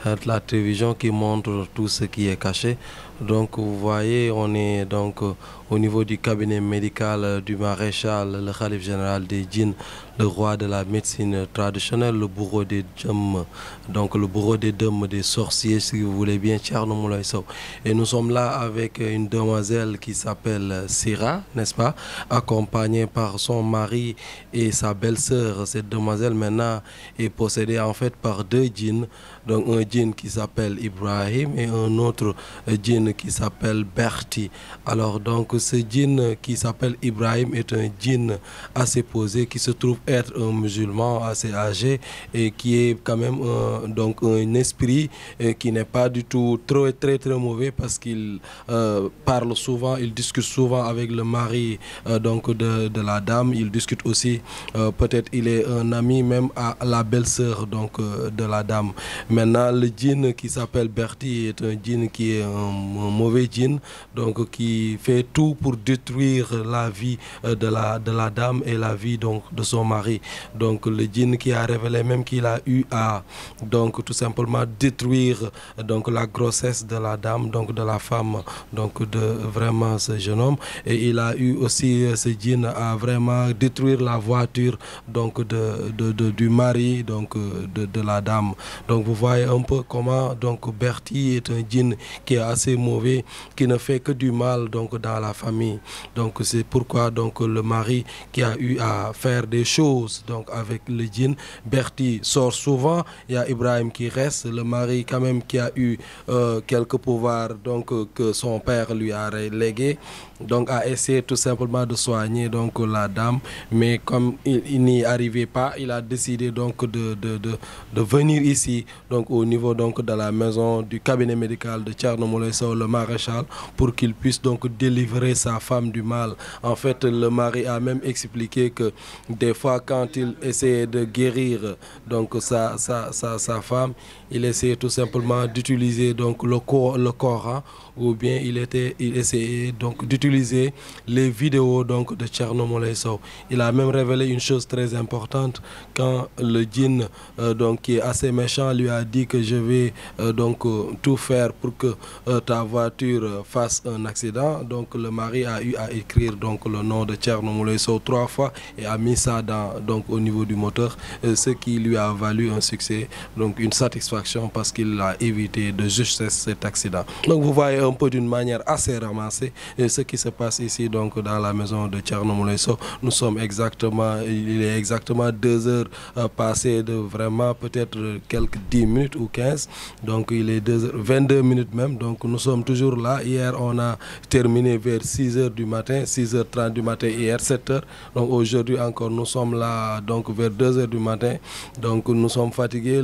B: euh, la télévision qui montre tout ce qui est caché. Donc vous voyez, on est donc euh, au niveau du cabinet médical euh, du maréchal, le calife général des djinns, le roi de la médecine traditionnelle, le bourreau des djinns, donc le bourreau des djinns, des sorciers, si vous voulez bien, Thierno Moulay Sow. Et nous sommes là avec une demoiselle qui s'appelle euh, Sira, n'est-ce pas, accompagnée par son mari et sa belle-sœur. Cette demoiselle maintenant est possédée en fait par deux djinns, donc un djinn qui s'appelle Ibrahim et un autre euh, djinn qui s'appelle Berti. Alors ce djinn qui s'appelle Ibrahim est un djinn assez posé qui se trouve être un musulman assez âgé et qui est quand même un, donc un esprit qui n'est pas du tout trop très très mauvais parce qu'il euh, parle souvent, il discute souvent avec le mari euh, donc de, de la dame, il discute aussi euh, peut-être il est un ami même à la belle-sœur donc euh, de la dame. Maintenant le djinn qui s'appelle Bertie est un djinn qui est un, mauvais djinn donc qui fait tout pour détruire la vie euh, de la, la dame et la vie donc, de son mari. Donc le djinn qui a révélé même qu'il a eu à donc, tout simplement détruire donc, la grossesse de la dame, donc de la femme, donc de vraiment ce jeune homme. Et il a eu aussi euh, ce djinn à vraiment détruire la voiture donc, de, de, de du mari donc, euh, de, de la dame. Donc vous voyez un peu comment Bertie est un djinn qui est assez mauvais, qui ne fait que du mal donc, dans la famille. Donc c'est pourquoi donc le mari qui a eu à faire des choses donc avec le djinn, Bertie sort souvent, il y a Ibrahim qui reste, le mari quand même qui a eu euh, quelques pouvoirs donc que son père lui a légué donc a essayé tout simplement de soigner donc la dame mais comme il, il n'y arrivait pas il a décidé donc de de de de venir ici donc au niveau donc de la maison du cabinet médical de Thierno Moulé Sow le maréchal pour qu'il puisse donc délivrer sa femme du mal en fait le mari a même expliqué que des fois quand il essayait de guérir donc sa sa sa sa femme il essayait tout simplement d'utiliser donc le corps, le Coran ou bien il était il essayait donc d'utiliser les vidéos donc de Thierno Moulé Sow. Il a même révélé une chose très importante quand le djinn euh, donc qui est assez méchant lui a dit que je vais euh, donc euh, tout faire pour que ta voiture fasse un accident. Donc le mari a eu écrire donc le nom de Thierno Moulé Sow trois fois et a mis ça dans donc au niveau du moteur, ce qui lui a valu un succès donc une satisfaction satisfaction parce qu'il a évité de justesse cet accident. Donc vous voyez un peu d'une manière assez ramassée et euh, ce qui se passe ici dans la maison de Thierno Moule Sow. Nous sommes exactement, il est exactement deux heures euh, de vraiment peut-être quelque dix minutes ou quinze. Donc il est deux heures, 22 Donc nous sommes toujours là. Hier on a terminé vers 6 heures du matin, 6h30 du matin hier, 7h. Donc aujourd'hui encore nous sommes là donc vers heures du matin. Donc nous sommes fatigués,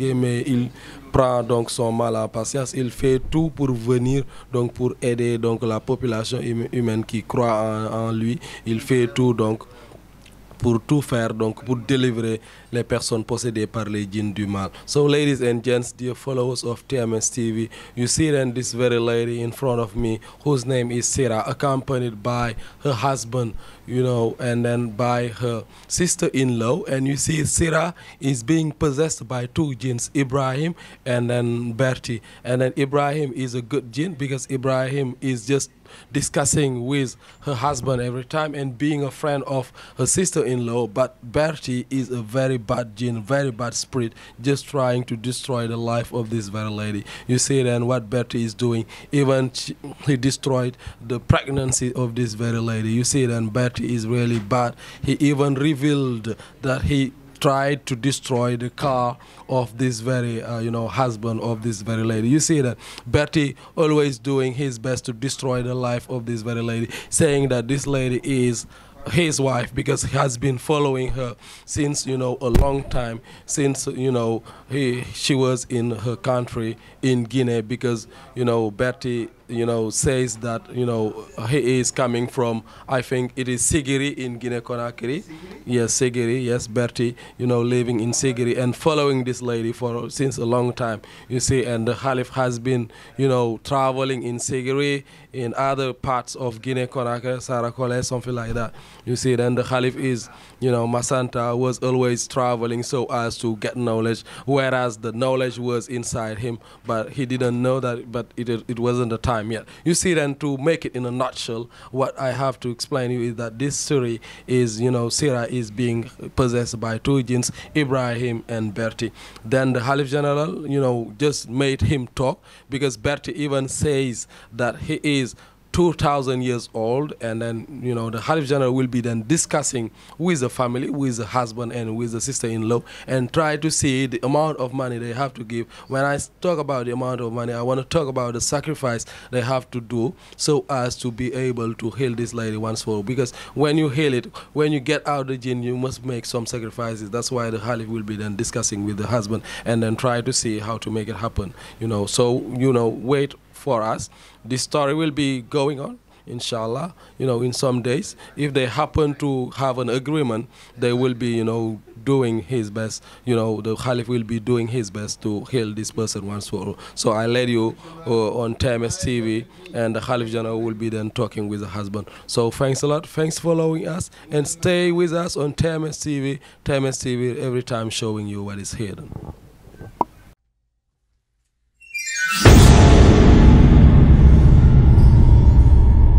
B: fatigué, mais il prend donc son mal à patience. Il fait tout pour venir, donc pour aider donc la population humaine qui croit en, en lui. Il fait tout donc pour tout faire, donc pour délivrer les personnes possédées par les jinn du mal. So ladies and gents, dear followers of TMS TV, you see then this very lady in front of me whose name is Sira, accompanied by her husband, you know, and then by her sister-in-law. And you see Sira is being possessed by two jinns, Ibrahim and then Bertie. And then Ibrahim is a good jinn because Ibrahim is just discussing with her husband every time and Bertie is a very bad gene, very bad spirit, just trying to destroy the life of this very lady. You see then what Betty is doing. Even he destroyed the pregnancy of this very lady. You see then Betty is really bad. He even revealed that he tried to destroy the car of this very uh, husband of this very lady you see that Betty always doing his best to destroy the life of this very lady saying that this lady is his wife because he has been following her since you know a long time since you know he she was in her country in Guinea because you know Betty you know says that you know he is coming from I think it is Sigiri in Guinea Conakry yes Sigiri yes Betty you know living in Sigiri and following this lady for since a long time you see and the Khalif has been you know traveling in Sigiri in other parts of Guinea Conakry, Sarakole, something like that. You see, then the Khalif is, you know, Masanta was always traveling so as to get knowledge, whereas the knowledge was inside him, but he didn't know that, but it, it wasn't the time yet. You see, then to make it in a nutshell, what I have to explain to you is that this story is, you know, Sira is being possessed by two jinns, Ibrahim and Bertie. Then the Khalif general, you know, just made him talk because Bertie even says that he is is 2000 years old and then you know the Khalif general will be then discussing with the family with the husband and with the sister-in-law and try to see the amount of money they have to give when I talk about the amount of money I want to talk about the sacrifice they have to do so as to be able to heal this lady once for all because when you heal it when you get out the jinn you must make some sacrifices that's why the Khalif will be then discussing with the husband and then try to see how to make it happen you know so you know wait for us. This story will be going on inshallah you know in some days if they happen to have an agreement they will be you know doing his best you know the caliph will be doing his best to heal this person once for all so i led you uh, on TMS tv and the caliph general will be then talking with the husband so thanks a lot thanks for following us and stay with us on TMS tv TMS tv every time showing you what is hidden